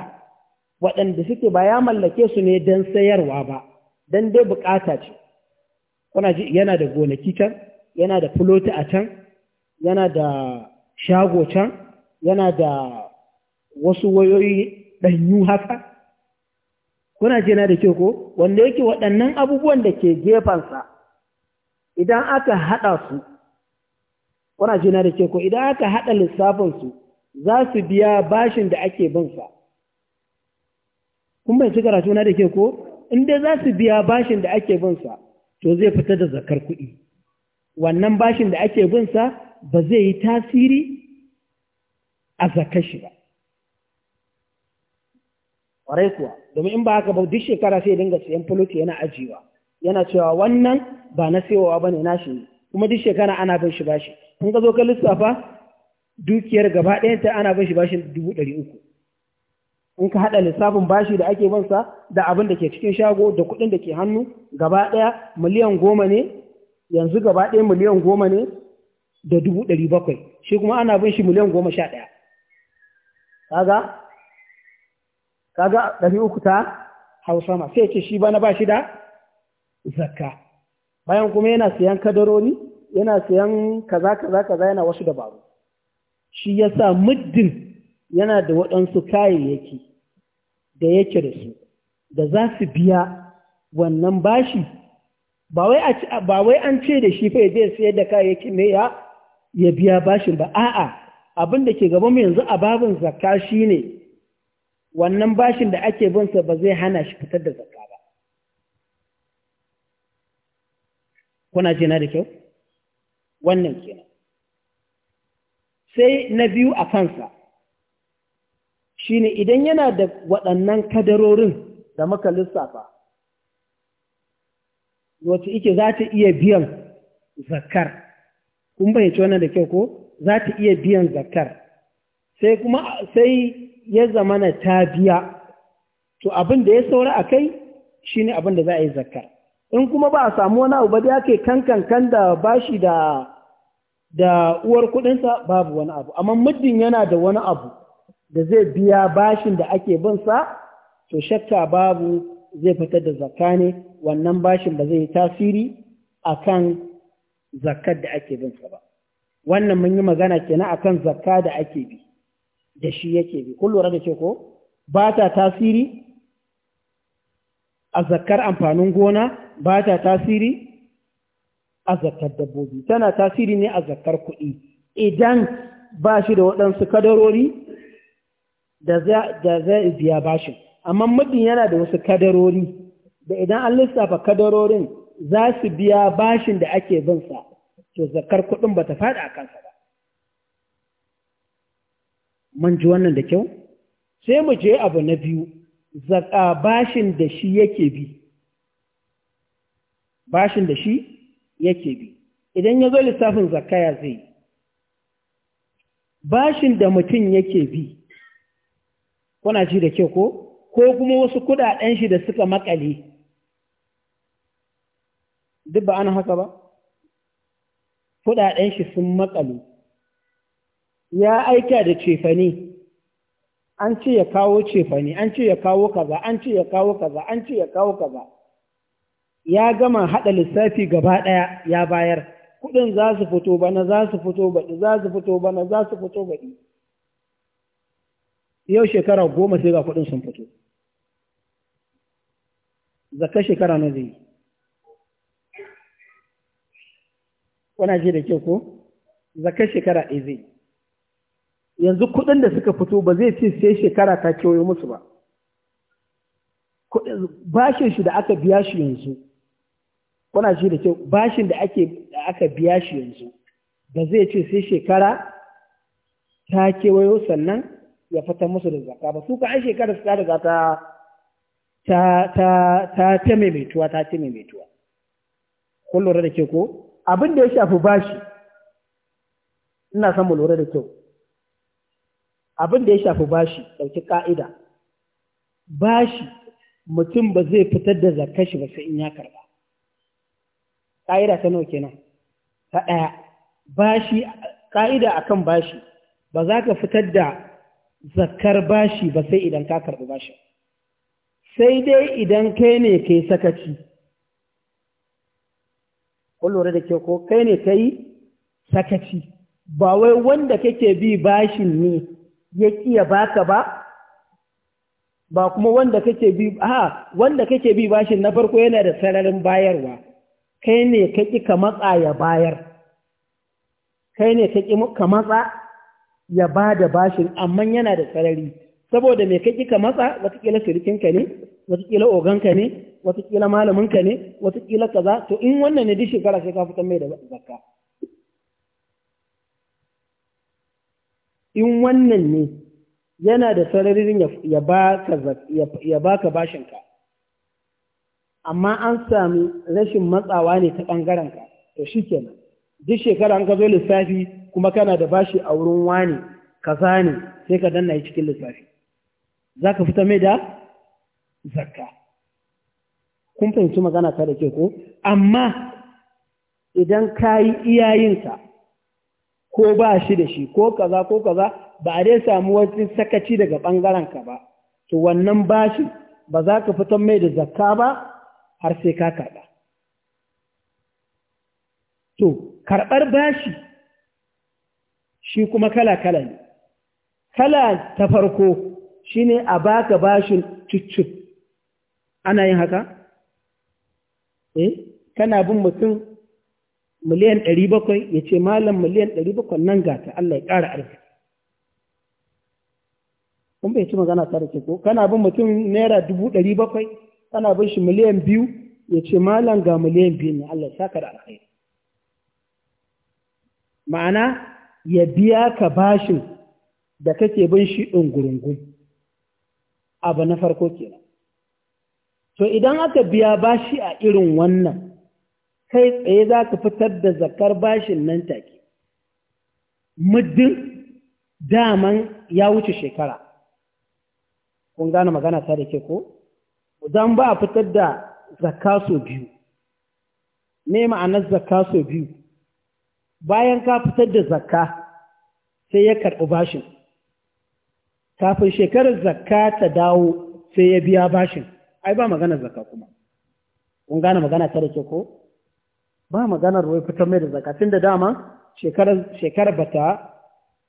Speaker 1: waɗanda suke ba ya mallake su ne don sayarwa ba don dai bukata ce kuna ji yana da gonaki can yana da fuloti a can yana da shago can yana da wasu wayoyi ɗanyu haka kuna ji yana da ke ko wanda yake waɗannan abubuwan da ke gefansa idan aka haɗa su kuna jina da ke ko idan aka haɗa lissafinsu za su biya bashin da ake binsa kun bai ci karatu na da ke ko inda za su biya bashin da ake binsa to zai fita da zakar kuɗi wannan bashin da ake binsa ba zai yi tasiri a zakar shi ba ƙwarai kuwa domin in ba haka ba duk shekara sai dinga siyan fuloti yana ajiyewa yana cewa wannan ba na sayowa ba ne nashi ne kuma duk shekara ana bin shi bashi in ka zo ka lissafa dukiyar gaba ɗayanta ana bin shi bashin dubu ɗari uku in ka haɗa lissafin bashi da ake bansa da abin da ke cikin shago da kuɗin da ke hannu gaba ɗaya miliyan goma ne yanzu gaba ɗaya miliyan goma ne da dubu ɗari bakwai shi kuma ana bin shi miliyan goma sha ɗaya kaga kaga ɗari uku ta hausa ma sai ce shi bana ba shi da zakka bayan kuma yana siyan kadarori yana sayan kaza kaza kaza yana wasu dabaru shi yasa muddin yana da waɗansu kayayyaki da yake da su da za su biya wannan bashi ba wai an ce da shi fa zai sayar da kayayyaki ne ya ya biya bashin ba a'a abin da ke gaban yanzu a babin zakka shine wannan bashin da ake bin sa ba zai hana shi fitar da zakka ba kuna jina da kyau wannan kenan sai na biyu a kansa Shin idan yana da waɗannan kadarorin da muka lissafa wacce ike za ta iya biyan zakar kun bayyace wannan da kyau ko za ta iya biyan zakar sai kuma sai ya zamana ta biya to abin da ya saura a kai shi ne abin da za a yi zakar in kuma ba a samu wani abu ba da ya kai kankan da bashi da da uwar kuɗinsa babu wani abu amma muddin yana da wani abu da zai biya bashin da ake bin sa to shakka babu zai fita da zakka ne wannan bashin ba zai yi tasiri akan zakkar da ake bin sa ba wannan mun yi magana kenan akan zakka da ake bi da shi yake bi kun lura da ce ko ba ta tasiri a zakkar amfanin gona ba ta tasiri a zakar dabbobi tana tasiri ne a zakar kuɗi idan ba shi da waɗansu kadarori da zai biya bashin amma muddin yana da wasu kadarori da idan an lissafa kadarorin za su biya bashin da ake binsa to zakar kuɗin ba ta faɗi a kansa ba mun ji wannan da kyau sai mu je abu na biyu zaka bashin da shi yake bi bashin da shi yake bi idan ya zo lissafin zakaya zai bashin da mutum yake bi kuna ji da ke ko ko kuma wasu kudaden shi da suka makale duk ba ana haka ba kudaden shi sun makale ya aika da cefane an ce ya kawo cefane an ce ya kawo kaza an ce ya kawo kaza an ce ya kawo kaza ya gama haɗa lissafi gaba ɗaya ya bayar kuɗin za su fito bana za su fito baɗi za su fito bana za su fito baɗi yau shekara goma sai ga kuɗin sun fito Zaka shekara na zai kuna ji da kyau ko Zaka shekara ɗaya zai yanzu kuɗin da suka fito ba zai ce sai shekara ta kewayo musu ba bashin shi da aka biya shi yanzu kuna shi da kyau bashin da ake aka biya shi yanzu ba zai ce sai shekara ta kewayo sannan ya fita musu da zaka ba su ka ai shekara su ta riga ta ta ta ta ta maimaituwa ta ta maimaituwa kun lura da ke ko abin da ya shafi bashi ina son mu lura da kyau abin da ya shafi bashi ɗauki ƙa'ida bashi mutum ba zai fitar da zakar shi ba sai in ya karba ƙa'ida ta nauke nan, ta ɗaya bashi ƙa'ida akan bashi ba za ka fitar da zakar bashi ba sai idan ka karɓi bashi sai dai idan kai ne kai sakaci kullure da ke ko kai ne kai sakaci ba wai wanda kake bi bashin ne ya kiya baka ba ba kuma wanda kake bi wanda kake bi bashin na farko yana da sararin bayarwa kai ne ka ƙi ka matsa ya bayar kai ne ka ƙi ka matsa ya ba da bashin amma yana da sarari saboda mai ƙi ka matsa watakila sirikinka ne watakila oganka ne watakila malaminka ne watakila kaza to in wannan ne duk shekara sai ka fitan mai da zakka in wannan ne yana da sararin ya ba ka bashinka amma an sami rashin matsawa ne ta ɓangaren ka to shi kenan duk shekara an ka zo lissafi kuma kana da bashi a wurin wani kaza ne sai ka danna yi cikin lissafi za ka fita mai da zakka kun fahimci magana ta da ke ko amma idan ka yi iyayensa ko ba shi da shi ko kaza ko kaza ba a dai samu wasu sakaci daga ɓangaren ka ba to wannan bashi ba za ka fita mai da zakka ba har sai ka karɓa to karɓar bashi shi kuma kala-kala ne kala ta farko shi ne a baka bashin cuccuk. ana yin haka eh kana bin mutum miliyan 700 ya ce malam miliyan 700 nan gata Allah ya ƙara arziki kun bai ci magana tare da ko kana bin mutum naira dubu ɗari bakwai? kana bin shi miliyan biyu ya ce malam ga miliyan biyu ne Allah saka da alkhairi ma'ana ya biya ka bashin da kake bin shi ɗungurungun abu na farko kenan to idan aka biya bashi a irin wannan kai tsaye za ka fitar da zakar bashin nan take muddin daman ya wuce shekara kun gane magana ta da ke ko zan ba a fitar da zakka so biyu me ma'anar zakka so biyu bayan ka fitar da zakka sai ya karɓi bashin kafin shekarar zakka ta dawo sai ya biya bashin ai ba maganar zakka kuma kun gane magana ta da ko ba maganar wai fitar mai da zakka tun da dama shekarar ba ta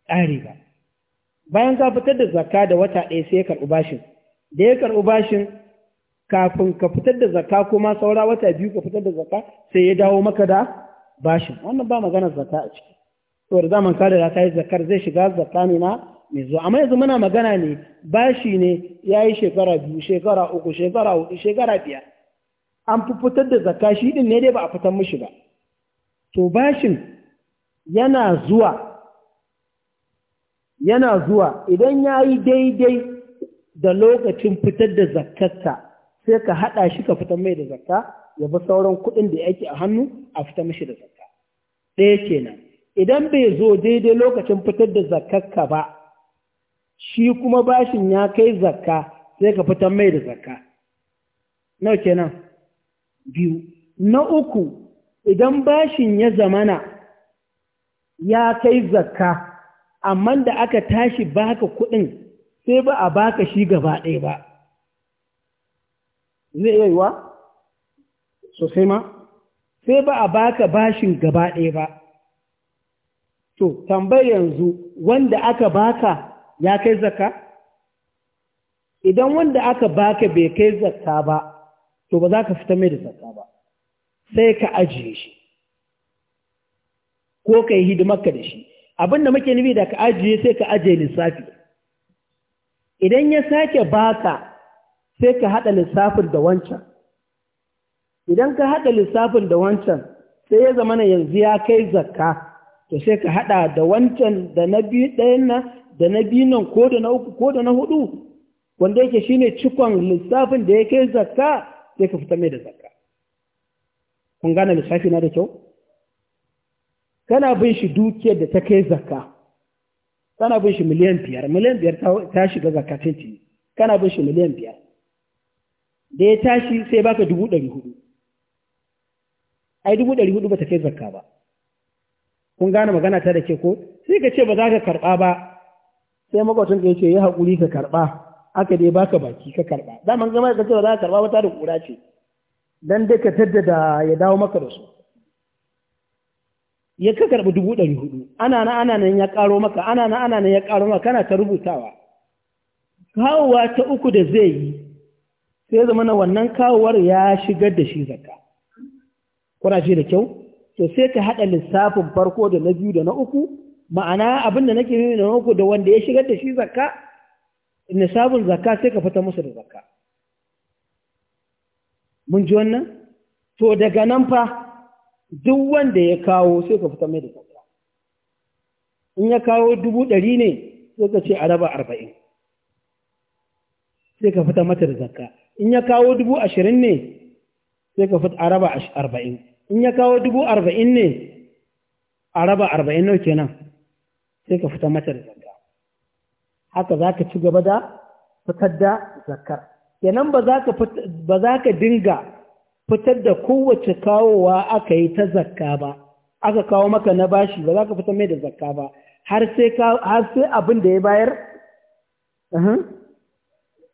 Speaker 1: ba bayan ka fitar da zakka da wata ɗaya sai ya karɓi bashin da ya karɓi bashin kafin ka fitar da ko kuma saura wata biyu ka fitar da zaka sai ya dawo maka da bashin wannan ba maganar zaka a ciki to da zaman kare da ka yi zakkar zai shiga zakka ne na mai zuwa amma yanzu muna magana ne bashi ne ya yi shekara biyu shekara uku shekara hudu shekara biyar an fi fitar da zaka shi din ne dai ba a fitar mishi ba to bashin yana zuwa yana zuwa idan ya yi daidai da lokacin fitar da zakkarta sai ka haɗa shi ka fitar mai da zakka ya bi sauran kuɗin da yake a hannu a fita mishi da zakka ɗaya kenan idan bai zo daidai lokacin fitar da zakkarka ba shi kuma bashin ya kai zakka sai ka fitar mai da zakka nawa kenan biyu na uku idan bashin ya zamana ya kai zakka amma da aka tashi baka kuɗin sai ba a baka shi gaba ɗaya ba zai iya yiwa sosai ma sai ba a baka bashin gaba ɗaya ba to tambayar yanzu wanda aka baka ya kai zakka idan wanda aka baka bai kai zakka ba to ba za ka fita mai da zakka ba sai ka ajiye shi ko ka yi hidimarka da shi abinda muke nufi da ka ajiye sai ka ajiye lissafi idan ya sake baka sai ka haɗa lissafin da wancan idan ka haɗa lissafin da wancan sai ya zama na yanzu ya kai zakka to sai ka haɗa da wancan da na biyu ɗayan nan da na biyu nan ko da na uku ko da na hudu wanda yake shine cikon lissafin da ya kai zakka sai ka fita mai da zakka kun gane lissafi na da kyau kana bin shi dukiyar da ta kai zakka kana bin shi miliyan biyar miliyan biyar ta shiga zakka tinti kana bin shi miliyan biyar da ya tashi sai baka dubu ɗari hudu ai dubu ɗari hudu ba ta kai zarka ba kun gane magana ta da ke ko sai ka ce ba za ka karɓa ba sai makwacin ka ce ya haƙuri ka karɓa aka dai baka baki ka karɓa daman gama ka ce ba za ka karɓa ba ta da ƙura ce dan dai ka da ya dawo maka da su ya ka karɓi dubu ɗari hudu ana na ana nan ya ƙaro maka ana na ana nan ya ƙaro maka kana ta rubutawa kawowa ta uku da zai yi sai zama na wannan kawowar ya shigar da shi zaka. kuna ce da kyau to sai ka haɗa lissafin farko da na biyu da na uku ma'ana abin da nake nuna da na uku da wanda ya shigar da shi zakka lissafin zaka sai ka fita musu da zaka. mun ji wannan to daga nan fa duk wanda ya kawo sai ka fita mai da zaka. in ya kawo dubu ɗari ne sai ka ce a raba arba'in sai ka fita mata da zaka. in ya kawo dubu ashirin ne sai ka fita a raba arba'in in ya kawo dubu arba'in ne a raba arba'in nau kenan sai ka fita mata da zakka haka za ka ci gaba da fitar da zakkar kenan ba za ka dinga fitar da kowace kawowa aka yi ta zakka ba aka kawo maka na bashi ba za ka fitar mai da zakka ba har sai abin da ya bayar uh-huh,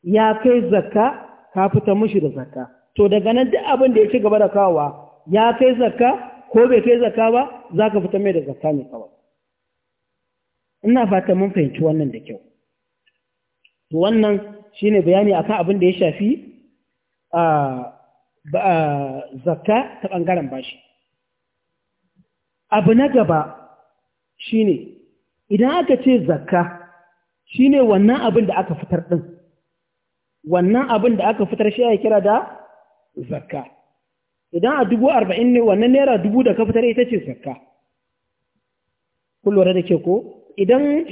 Speaker 1: ya kai zakka ka fita mushi da zakka to daga nan duk abin da ya ci gaba da kawowa ya kai zakka ko bai kai zakka ba za ka fita mai da zakka ne kawai ina fata mun fahimci wannan da kyau to wannan shi ne bayani akan abin da ya shafi zakka ta ɓangaren bashi abu na gaba shi ne idan aka ce zakka shi ne wannan abin da aka fitar ɗin. wannan abin da aka fitar shi ya kira da zakka idan a dubu arba'in ne wannan naira dubu da ka fitar ita ce zakka kullum da ke ko idan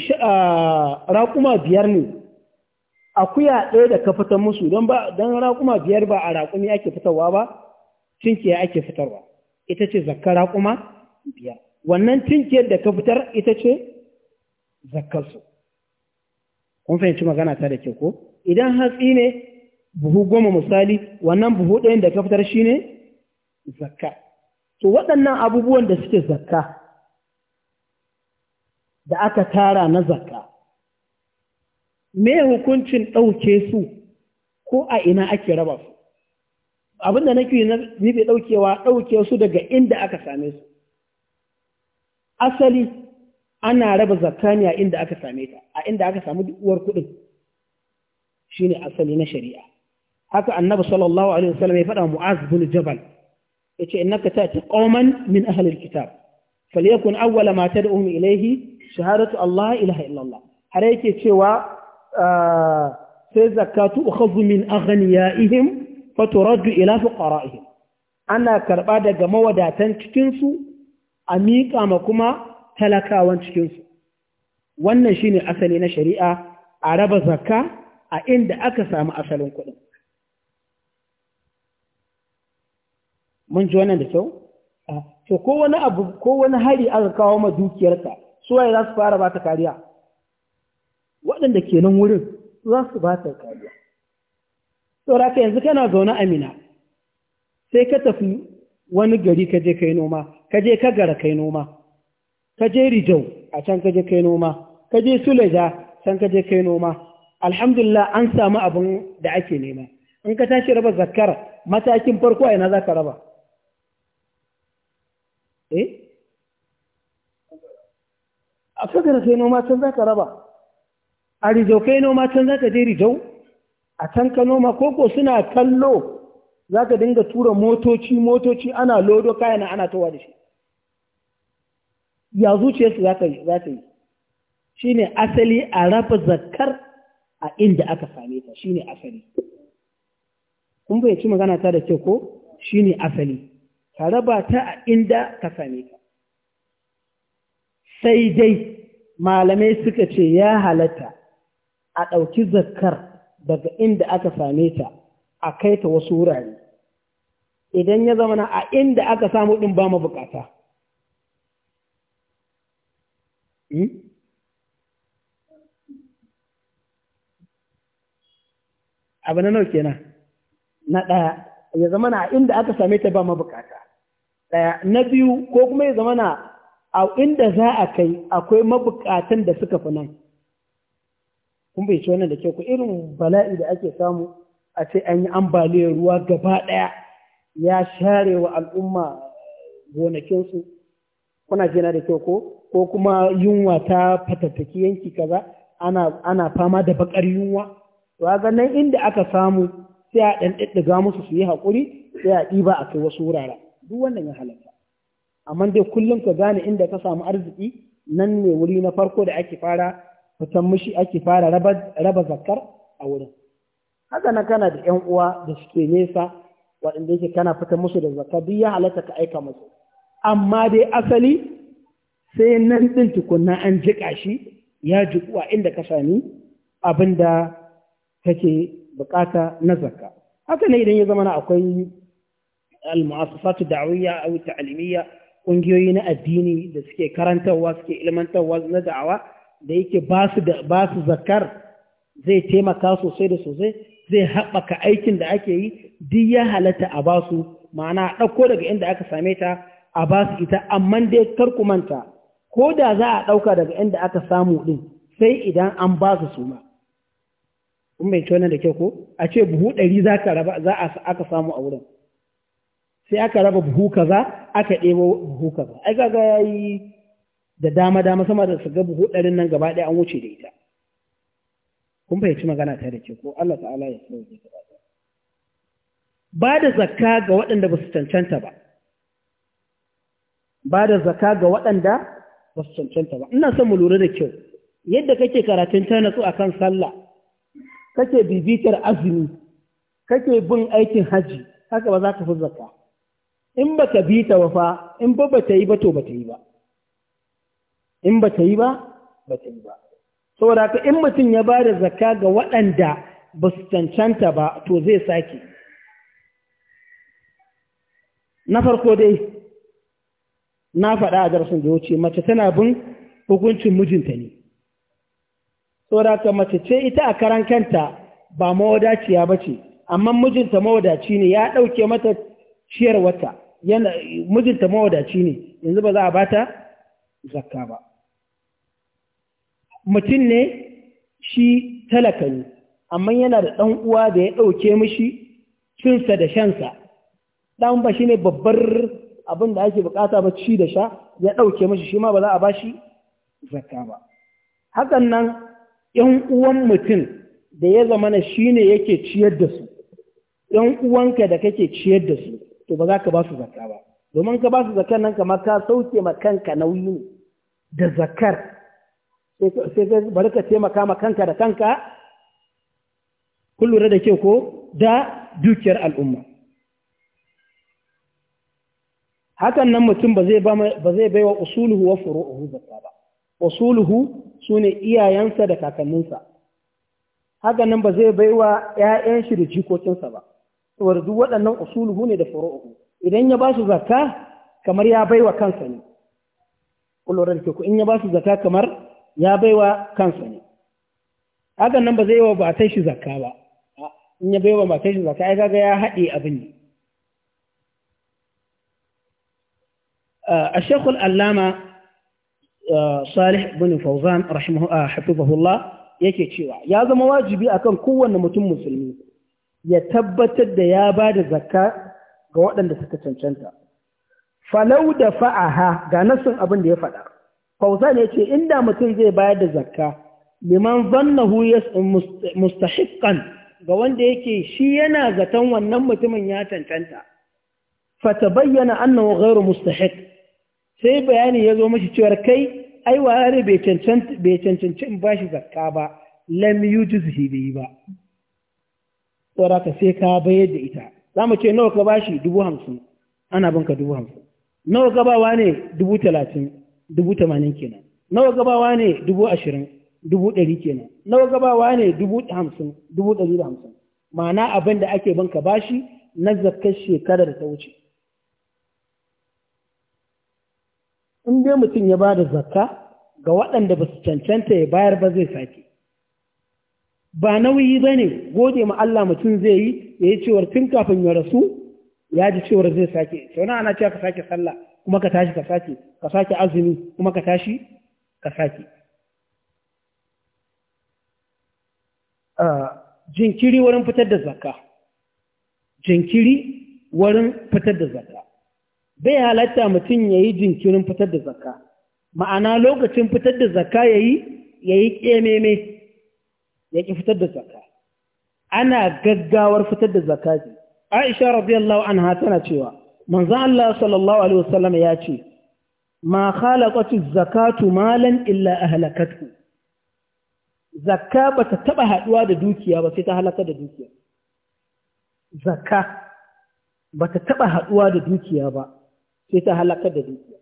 Speaker 1: raƙuma biyar ne akuya ɗaya da ka fitar musu don raƙuma biyar ba a raƙumi ake fitarwa ba cinkiya ake fitarwa ita ce zakka raƙuma biyar wannan cinkiyar da ka fitar ita ce zakkarsu kun fahimci magana ta da ke ko idan hatsi ne buhu goma misali wannan buhu ɗayan da ka fitar shi ne zakka to waɗannan abubuwan da suke zakka da aka tara na zakka me hukuncin ɗauke su ko a ina ake raba su abinda nake nufi ɗaukewa ɗauke su daga inda aka same su asali ana raba zakka ne a inda aka same ta a inda aka samu uwar kuɗin ne asali na shari'a haka annabi sallallahu alaihi wasallam ya faɗa mu'az bin jabal yace innaka ta'ti qauman min ahli alkitab falyakun awwala ma tad'uhum ilayhi shahadatu allah ilaha illa allah har yake cewa ah, sai zakatu ukhadhu min aghniyaihim faturaddu ila fuqara'ihim ana karba daga mawadatan cikin su a miƙa ma kuma talakawan cikin su wannan shine asali na shari'a a raba zakka a inda aka samu asalin kuɗin mun ji wannan da kyau to ko wani abu ko wani hari aka kawo ma dukiyarka su waye za su fara ba ta kariya waɗanda ke nan wurin za su ba ta kariya saboda ka yanzu kana zaune amina sai ka tafi wani gari ka je kai noma ka je ka gara kai noma ka je rijau a can ka je kai noma ka je Sulaja can ka je kai noma alhamdulillah an samu abin da ake nema in ka tashi raba zakar matakin farko a ina za ka raba eh a sakar sai noma can za ka raba a rijau kai noma can za ka je rijau a can ka noma koko suna kallo za ka dinga tura motoci motoci ana lodo kayan ana towa da shi ya zuciyarsu za ta yi shi ne asali a raba zakar a inda aka same ta shine asali kun bai ci magana ta da ke ko ne asali ka raba ta a inda ka same ta sai dai malamai suka ce ya halatta a ɗauki zakar daga inda aka same ta a kai ta wasu wurare idan ya zama na, a inda aka samu ɗin ba mabukata hmm? abu na nauke kenan na ɗaya ya zama na inda aka same ta ba mabukata ɗaya na biyu ko kuma ya zama na a inda za a kai akwai mabukatan da suka fi nan kun bai ci wannan da ke ku irin bala'i da ake samu a ce an yi ambaliyar ruwa gaba ɗaya ya share wa al'umma gonakinsu kuna jina da kyau ko ko kuma yunwa ta fatattaki yanki kaza ana ana fama da bakar yunwa ga nan inda aka samu sai a ɗan ɗiɗɗiga musu su yi haƙuri sai a ɗiba a kai wasu wurare duk wannan ya halatta amma dai kullum ka gane inda ka samu arziki nan ne wuri na farko da ake fara fitan mishi ake fara raba zakar a wurin haka nan kana da ƴan uwa da suke nesa waɗanda yake kana fitan musu da zakar duk ya halatta ka aika musu amma dai asali sai nan ɗin tukunna an jiƙa shi ya jiƙu a inda ka sami abin da take bukata na zakka haka ne idan ya zama na akwai al-mu'assasatu da'awiyya aw ta'limiyya kungiyoyi na addini da suke karantawa suke ilmantawa na da'awa da yake ba su da ba su zakar zai taimaka sosai da sosai zai haɓaka aikin da ake yi duk ya halatta a ba su ma'ana ɗauko daga inda aka same ta a ba su ita amma dai karku manta ko da za a ɗauka daga inda aka samu ɗin sai idan an ba su suma kun bai cewa da kyau ko a ce buhu ɗari za ka raba za aka samu a wurin sai aka raba buhu kaza aka ɗebo buhu kaza ai kaga yayi da dama dama sama da su ga buhu ɗarin nan gaba ɗaya an wuce da ita kun fahimci magana ta da ke ko Allah ta'ala ya sauke ta ba ba da zakka ga waɗanda ba su cancanta ba ba da zakka ga waɗanda ba su cancanta ba ina son mu lura da kyau yadda kake karatun ta su akan sallah kake bibitar azumi kake bin aikin haji haka ba za ka fi zakka in ba ka bi ta fa, in ba ba ta yi ba to ba ta yi ba in ba ta yi ba ba ta yi ba saboda ka in mutum ya ba da zakka ga waɗanda ba su cancanta ba to zai sake na farko dai na faɗa a darasin da wuce mace tana bin hukuncin mijinta ne saboda ka mace ce ita a karan kanta ba mawadaciya ba ce amma mijinta mawadaci ne ya ɗauke mata ciyar wata yana mijinta mawadaci ne yanzu ba za a bata zakka ba mutum ne shi talaka ne amma yana da ɗan uwa da ya ɗauke mishi cinsa da shansa ɗan ba shi ne babbar abin da ake bukata ba ci da sha ya ɗauke mishi shi ma ba za a ba shi zakka ba hakan nan ‘yan uwan mutum da ya zamana shi ne yake ciyar da su, ‘yan uwanka da kake ciyar da su, to ba za ka ba su zakka ba, domin ka ba su zakar nan kamar ka sauke ma kanka nauyi da zakar, sai ka bari ka taimaka ma kanka da kanka, kun lura da ke ko da dukiyar al'umma. Hakan nan mutum ba zai baiwa usuluhu wa furu'uhu zakka ba. wasuluhu su ne iyayensa da kakanninsa haka nan ba zai baiwa ‘ya'yan shi da jikokinsa ba saboda duk waɗannan usuluhu ne da faru'u. idan ya ba su zakka kamar ya baiwa kansa ne kullura da teku in ya ba su zakka kamar ya baiwa kansa ne haka nan ba zai wa batan shi zaka ba in ya baiwa batan shi zaka, ai kaga ya haɗe abin ne a shekul salih bin fauzan rahimahullah ah, yake cewa ya zama wajibi a kan kowanne mutum musulmi ya tabbatar da ya ba da zakka ga waɗanda suka cancanta falau da fa'aha ga nasin abin da ya faɗa fauzan ya ce inda mutum zai bayar da zakka liman zannahu mustahiqqan ga wanda yake shi yana zaton wannan mutumin ya cancanta fata bayyana annawa gairu mustahiq sai bayani ya zo mashi cewar kai ai ne bai cancanci in ba shi zakka ba lam yujizhi bai ba tsora ka sai ka bayar da ita za mu ce nawa ka ba shi dubu hamsin ana banka dubu hamsin nawa gabawa ne dubu talatin dubu tamanin kenan nawa gabawa ne dubu ashirin dubu ɗari kenan nawa gabawa ne dubu hamsin dubu ɗari da hamsin ma'ana abin da ake banka bashi na zakar shekarar ta wuce in dai mutum ya ba da zakka ga waɗanda ba su cancanta ya bayar ba zai sake ba nauyi ba ne gode ma Allah mutum zai yi ya yi cewar tun kafin ya rasu ya ji cewar zai sake sau na ana cewa ka sake sallah kuma ka tashi ka sake ka sake azumi kuma ka tashi ka sake jinkiri wurin fitar da zakka jinkiri wurin fitar da zakka bai halatta mutum ya yi jinkirin fitar da zakka ma'ana lokacin fitar da zakka ya yi ya yi ƙememe ya ƙi fitar da zakka ana gaggawar fitar da zakka ne aisha radiyallahu anha tana cewa manzan Allah sallallahu alaihi wasallam ya ce ma khalaqatu zakatu malan illa ahlakatu zakka ta taba haduwa da dukiya ba sai ta halaka da dukiya zakka ta taba haduwa da dukiya ba sai ta halakar da dukiya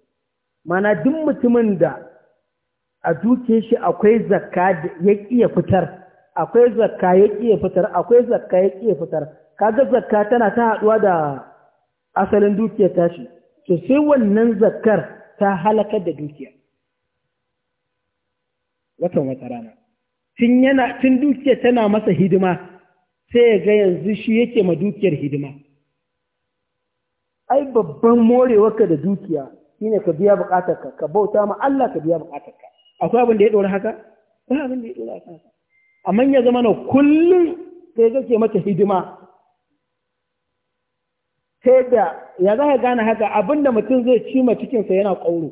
Speaker 1: mana duk mutumin da a duke shi akwai zakka ya iya fitar akwai zakka ya iya fitar akwai zakka ya iya fitar kaga zakka tana ta haduwa da asalin dukiyar tashi to sai wannan zakkar ta halakar da dukiya watan wata rana tun yana tun dukiyar tana masa hidima sai ya ga yanzu shi yake ma dukiyar hidima ai babban morewarka da dukiya shine ka biya bukatar ka Ka bauta ma Allah ka biya ka. akwai abin da ya dora haka ba abin da ya dora haka amma ya zama na kullum sai kake mata hidima sai da ya za ka gane haka abin da mutum zai cima cikinsa yana ƙauro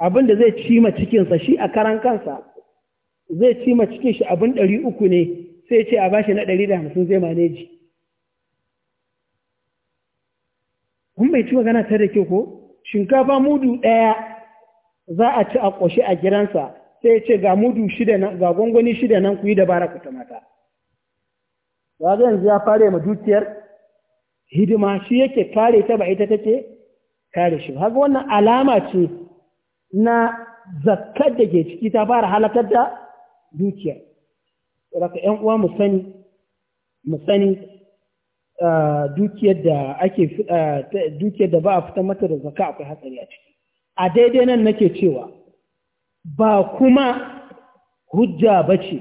Speaker 1: abin da zai cima cikinsa shi a karan kansa zai cima cikin shi abin ɗari uku ne sai ce a bashi na ɗari da hamsin zai maneji kun bai ci magana ta da ke ko shinkafa mudu ɗaya za a ci a ƙoshi a gidansa sai ya ce ga mudu shida nan ga gwangwani shida nan ku yi dabara ku ta mata ba yanzu ya fare ma dukiyar hidima shi yake kare ta ba ita take kare shi haka wannan alama ce na zakkar da ke ciki ta fara halakar da dukiyar. Raka ‘yan uwa mu sani, mu sani dukiyar da da ba a fitar mata da zaka akwai hatsari a ciki a daidai nan nake cewa ba kuma hujja ba ce,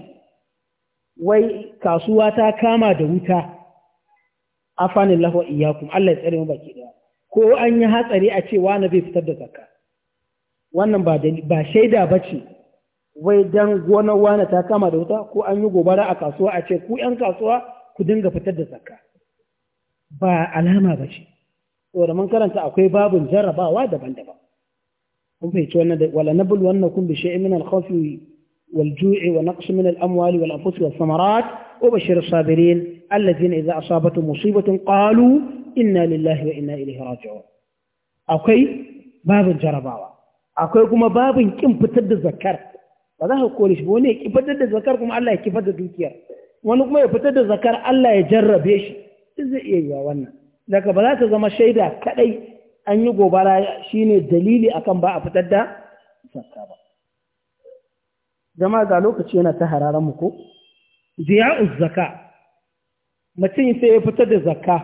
Speaker 1: wai kasuwa ta kama da wuta fanin lahu iyakun Allah ya tsare baki daya ko an yi hatsari a cewa na bai fitar da zaka wannan ba ba ce, wai don gonar wani ta kama da wuta ko an yi gobara a kasuwa a ce ku yan kasuwa ku dinga fitar da zakka ba alama ba ce saboda man karanta akwai babin jarrabawa daban-daban kun fahimci wannan da wala nabul wannan kun bishe min al-khawfi wal ju'i wa naqsh min al-amwali wal anfus was samarat wa bashir as-sabirin alladhina idza asabatuhum musibatun qalu inna lillahi wa inna ilaihi raji'un akwai babin jarrabawa akwai kuma babin kin fitar da zakar ba za ka kore shi wani ya ki fitar da zakar kuma Allah ya ki fitar da dukiyar wani kuma ya fitar da zakar Allah ya jarrabe shi duk zai iya yiwa wannan daga ba za ta zama shaida kadai an yi gobara ne dalili akan ba a fitar da zaka ba jama'a ga lokaci yana ta hararan mu ko ziya'uz zakka mutum sai ya fitar da zaka.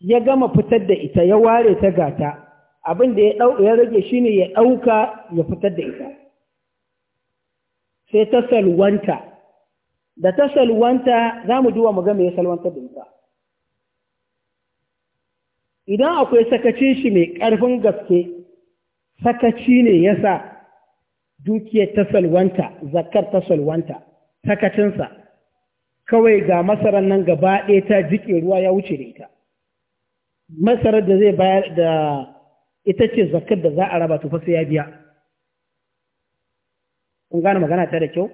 Speaker 1: ya gama fitar da ita ya ware ta gata abin da ya rage shine ya ɗauka ya fitar da ita sai ta salwanta da ta salwanta za mu duwa mu ga me ya salwantar da ita idan akwai sakacin shi mai ƙarfin gaske sakaci ne ya sa dukiyar ta salwanta zakar ta salwanta sakacinsa kawai ga masarar nan gaba ɗaya ta jike ruwa ya wuce da ita masarar da zai bayar da ita ce zakar da za a raba tufa sai ya biya kun gane magana ta da kyau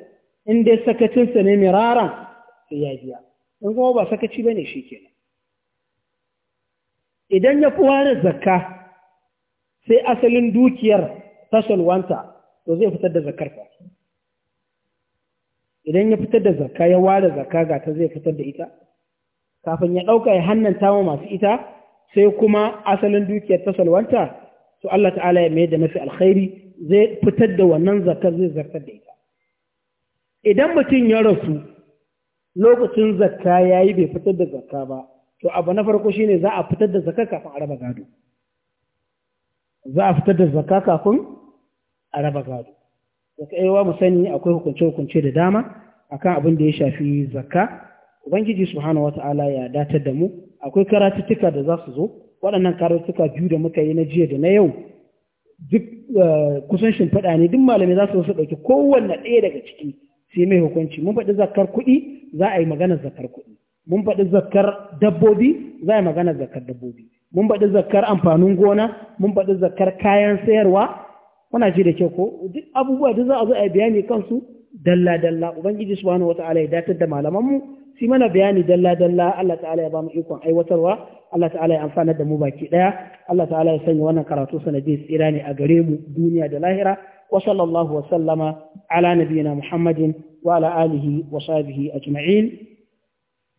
Speaker 1: in dai sakacinsa ne miraran sai ya biya in kuma ba sakaci ba ne shi kenan idan ya fi ware zakka sai asalin dukiyar ta to zai fitar da zakar ta idan ya fitar da zakka ya ware zakka ga ta zai fitar da ita kafin ya ɗauka ya hannanta wa masu ita sai kuma asalin dukiyar ta to Allah ta'ala ya mai da mafi alkhairi zai fitar da wannan zakkar zai zartar da ita idan mutum ya rasu lokacin zakka ya yi bai fitar da zakka ba to abu na farko shine za a fitar da zakka kafin a raba gado za a fitar da zakka kafin a raba gado daga aiwa mu sani akwai hukunce hukunce da dama akan abin da ya shafi zakka ubangiji subhanahu wata'ala ya datar da mu akwai karatuttuka da za su zo waɗannan karatuttuka biyu da muka yi na jiya da na yau duk eh, kusan shimfiɗa ne duk malamai za su su ɗauki kowanne ɗaya daga ciki sai mai hukunci mun faɗi zakkar kuɗi za a yi maganar zakkar kuɗi mun faɗi zakar dabbobi za a magana zakar dabbobi mun faɗi zakar amfanin gona mun faɗi zakar kayan sayarwa kuna ji da kyau ko duk abubuwa da za a zo a bayani kansu dalla dalla ubangiji subhanahu wataala ya datar da malaman mu shi mana bayani dalla dalla Allah ta'ala ya ba mu ikon aiwatarwa Allah ta'ala ya amfana da mu baki daya Allah ta'ala ya sanya wannan karatu sanadi tsira ne a gare mu duniya da lahira wa sallallahu wa sallama ala nabiyina muhammadin wa ala alihi wa sahbihi ajma'in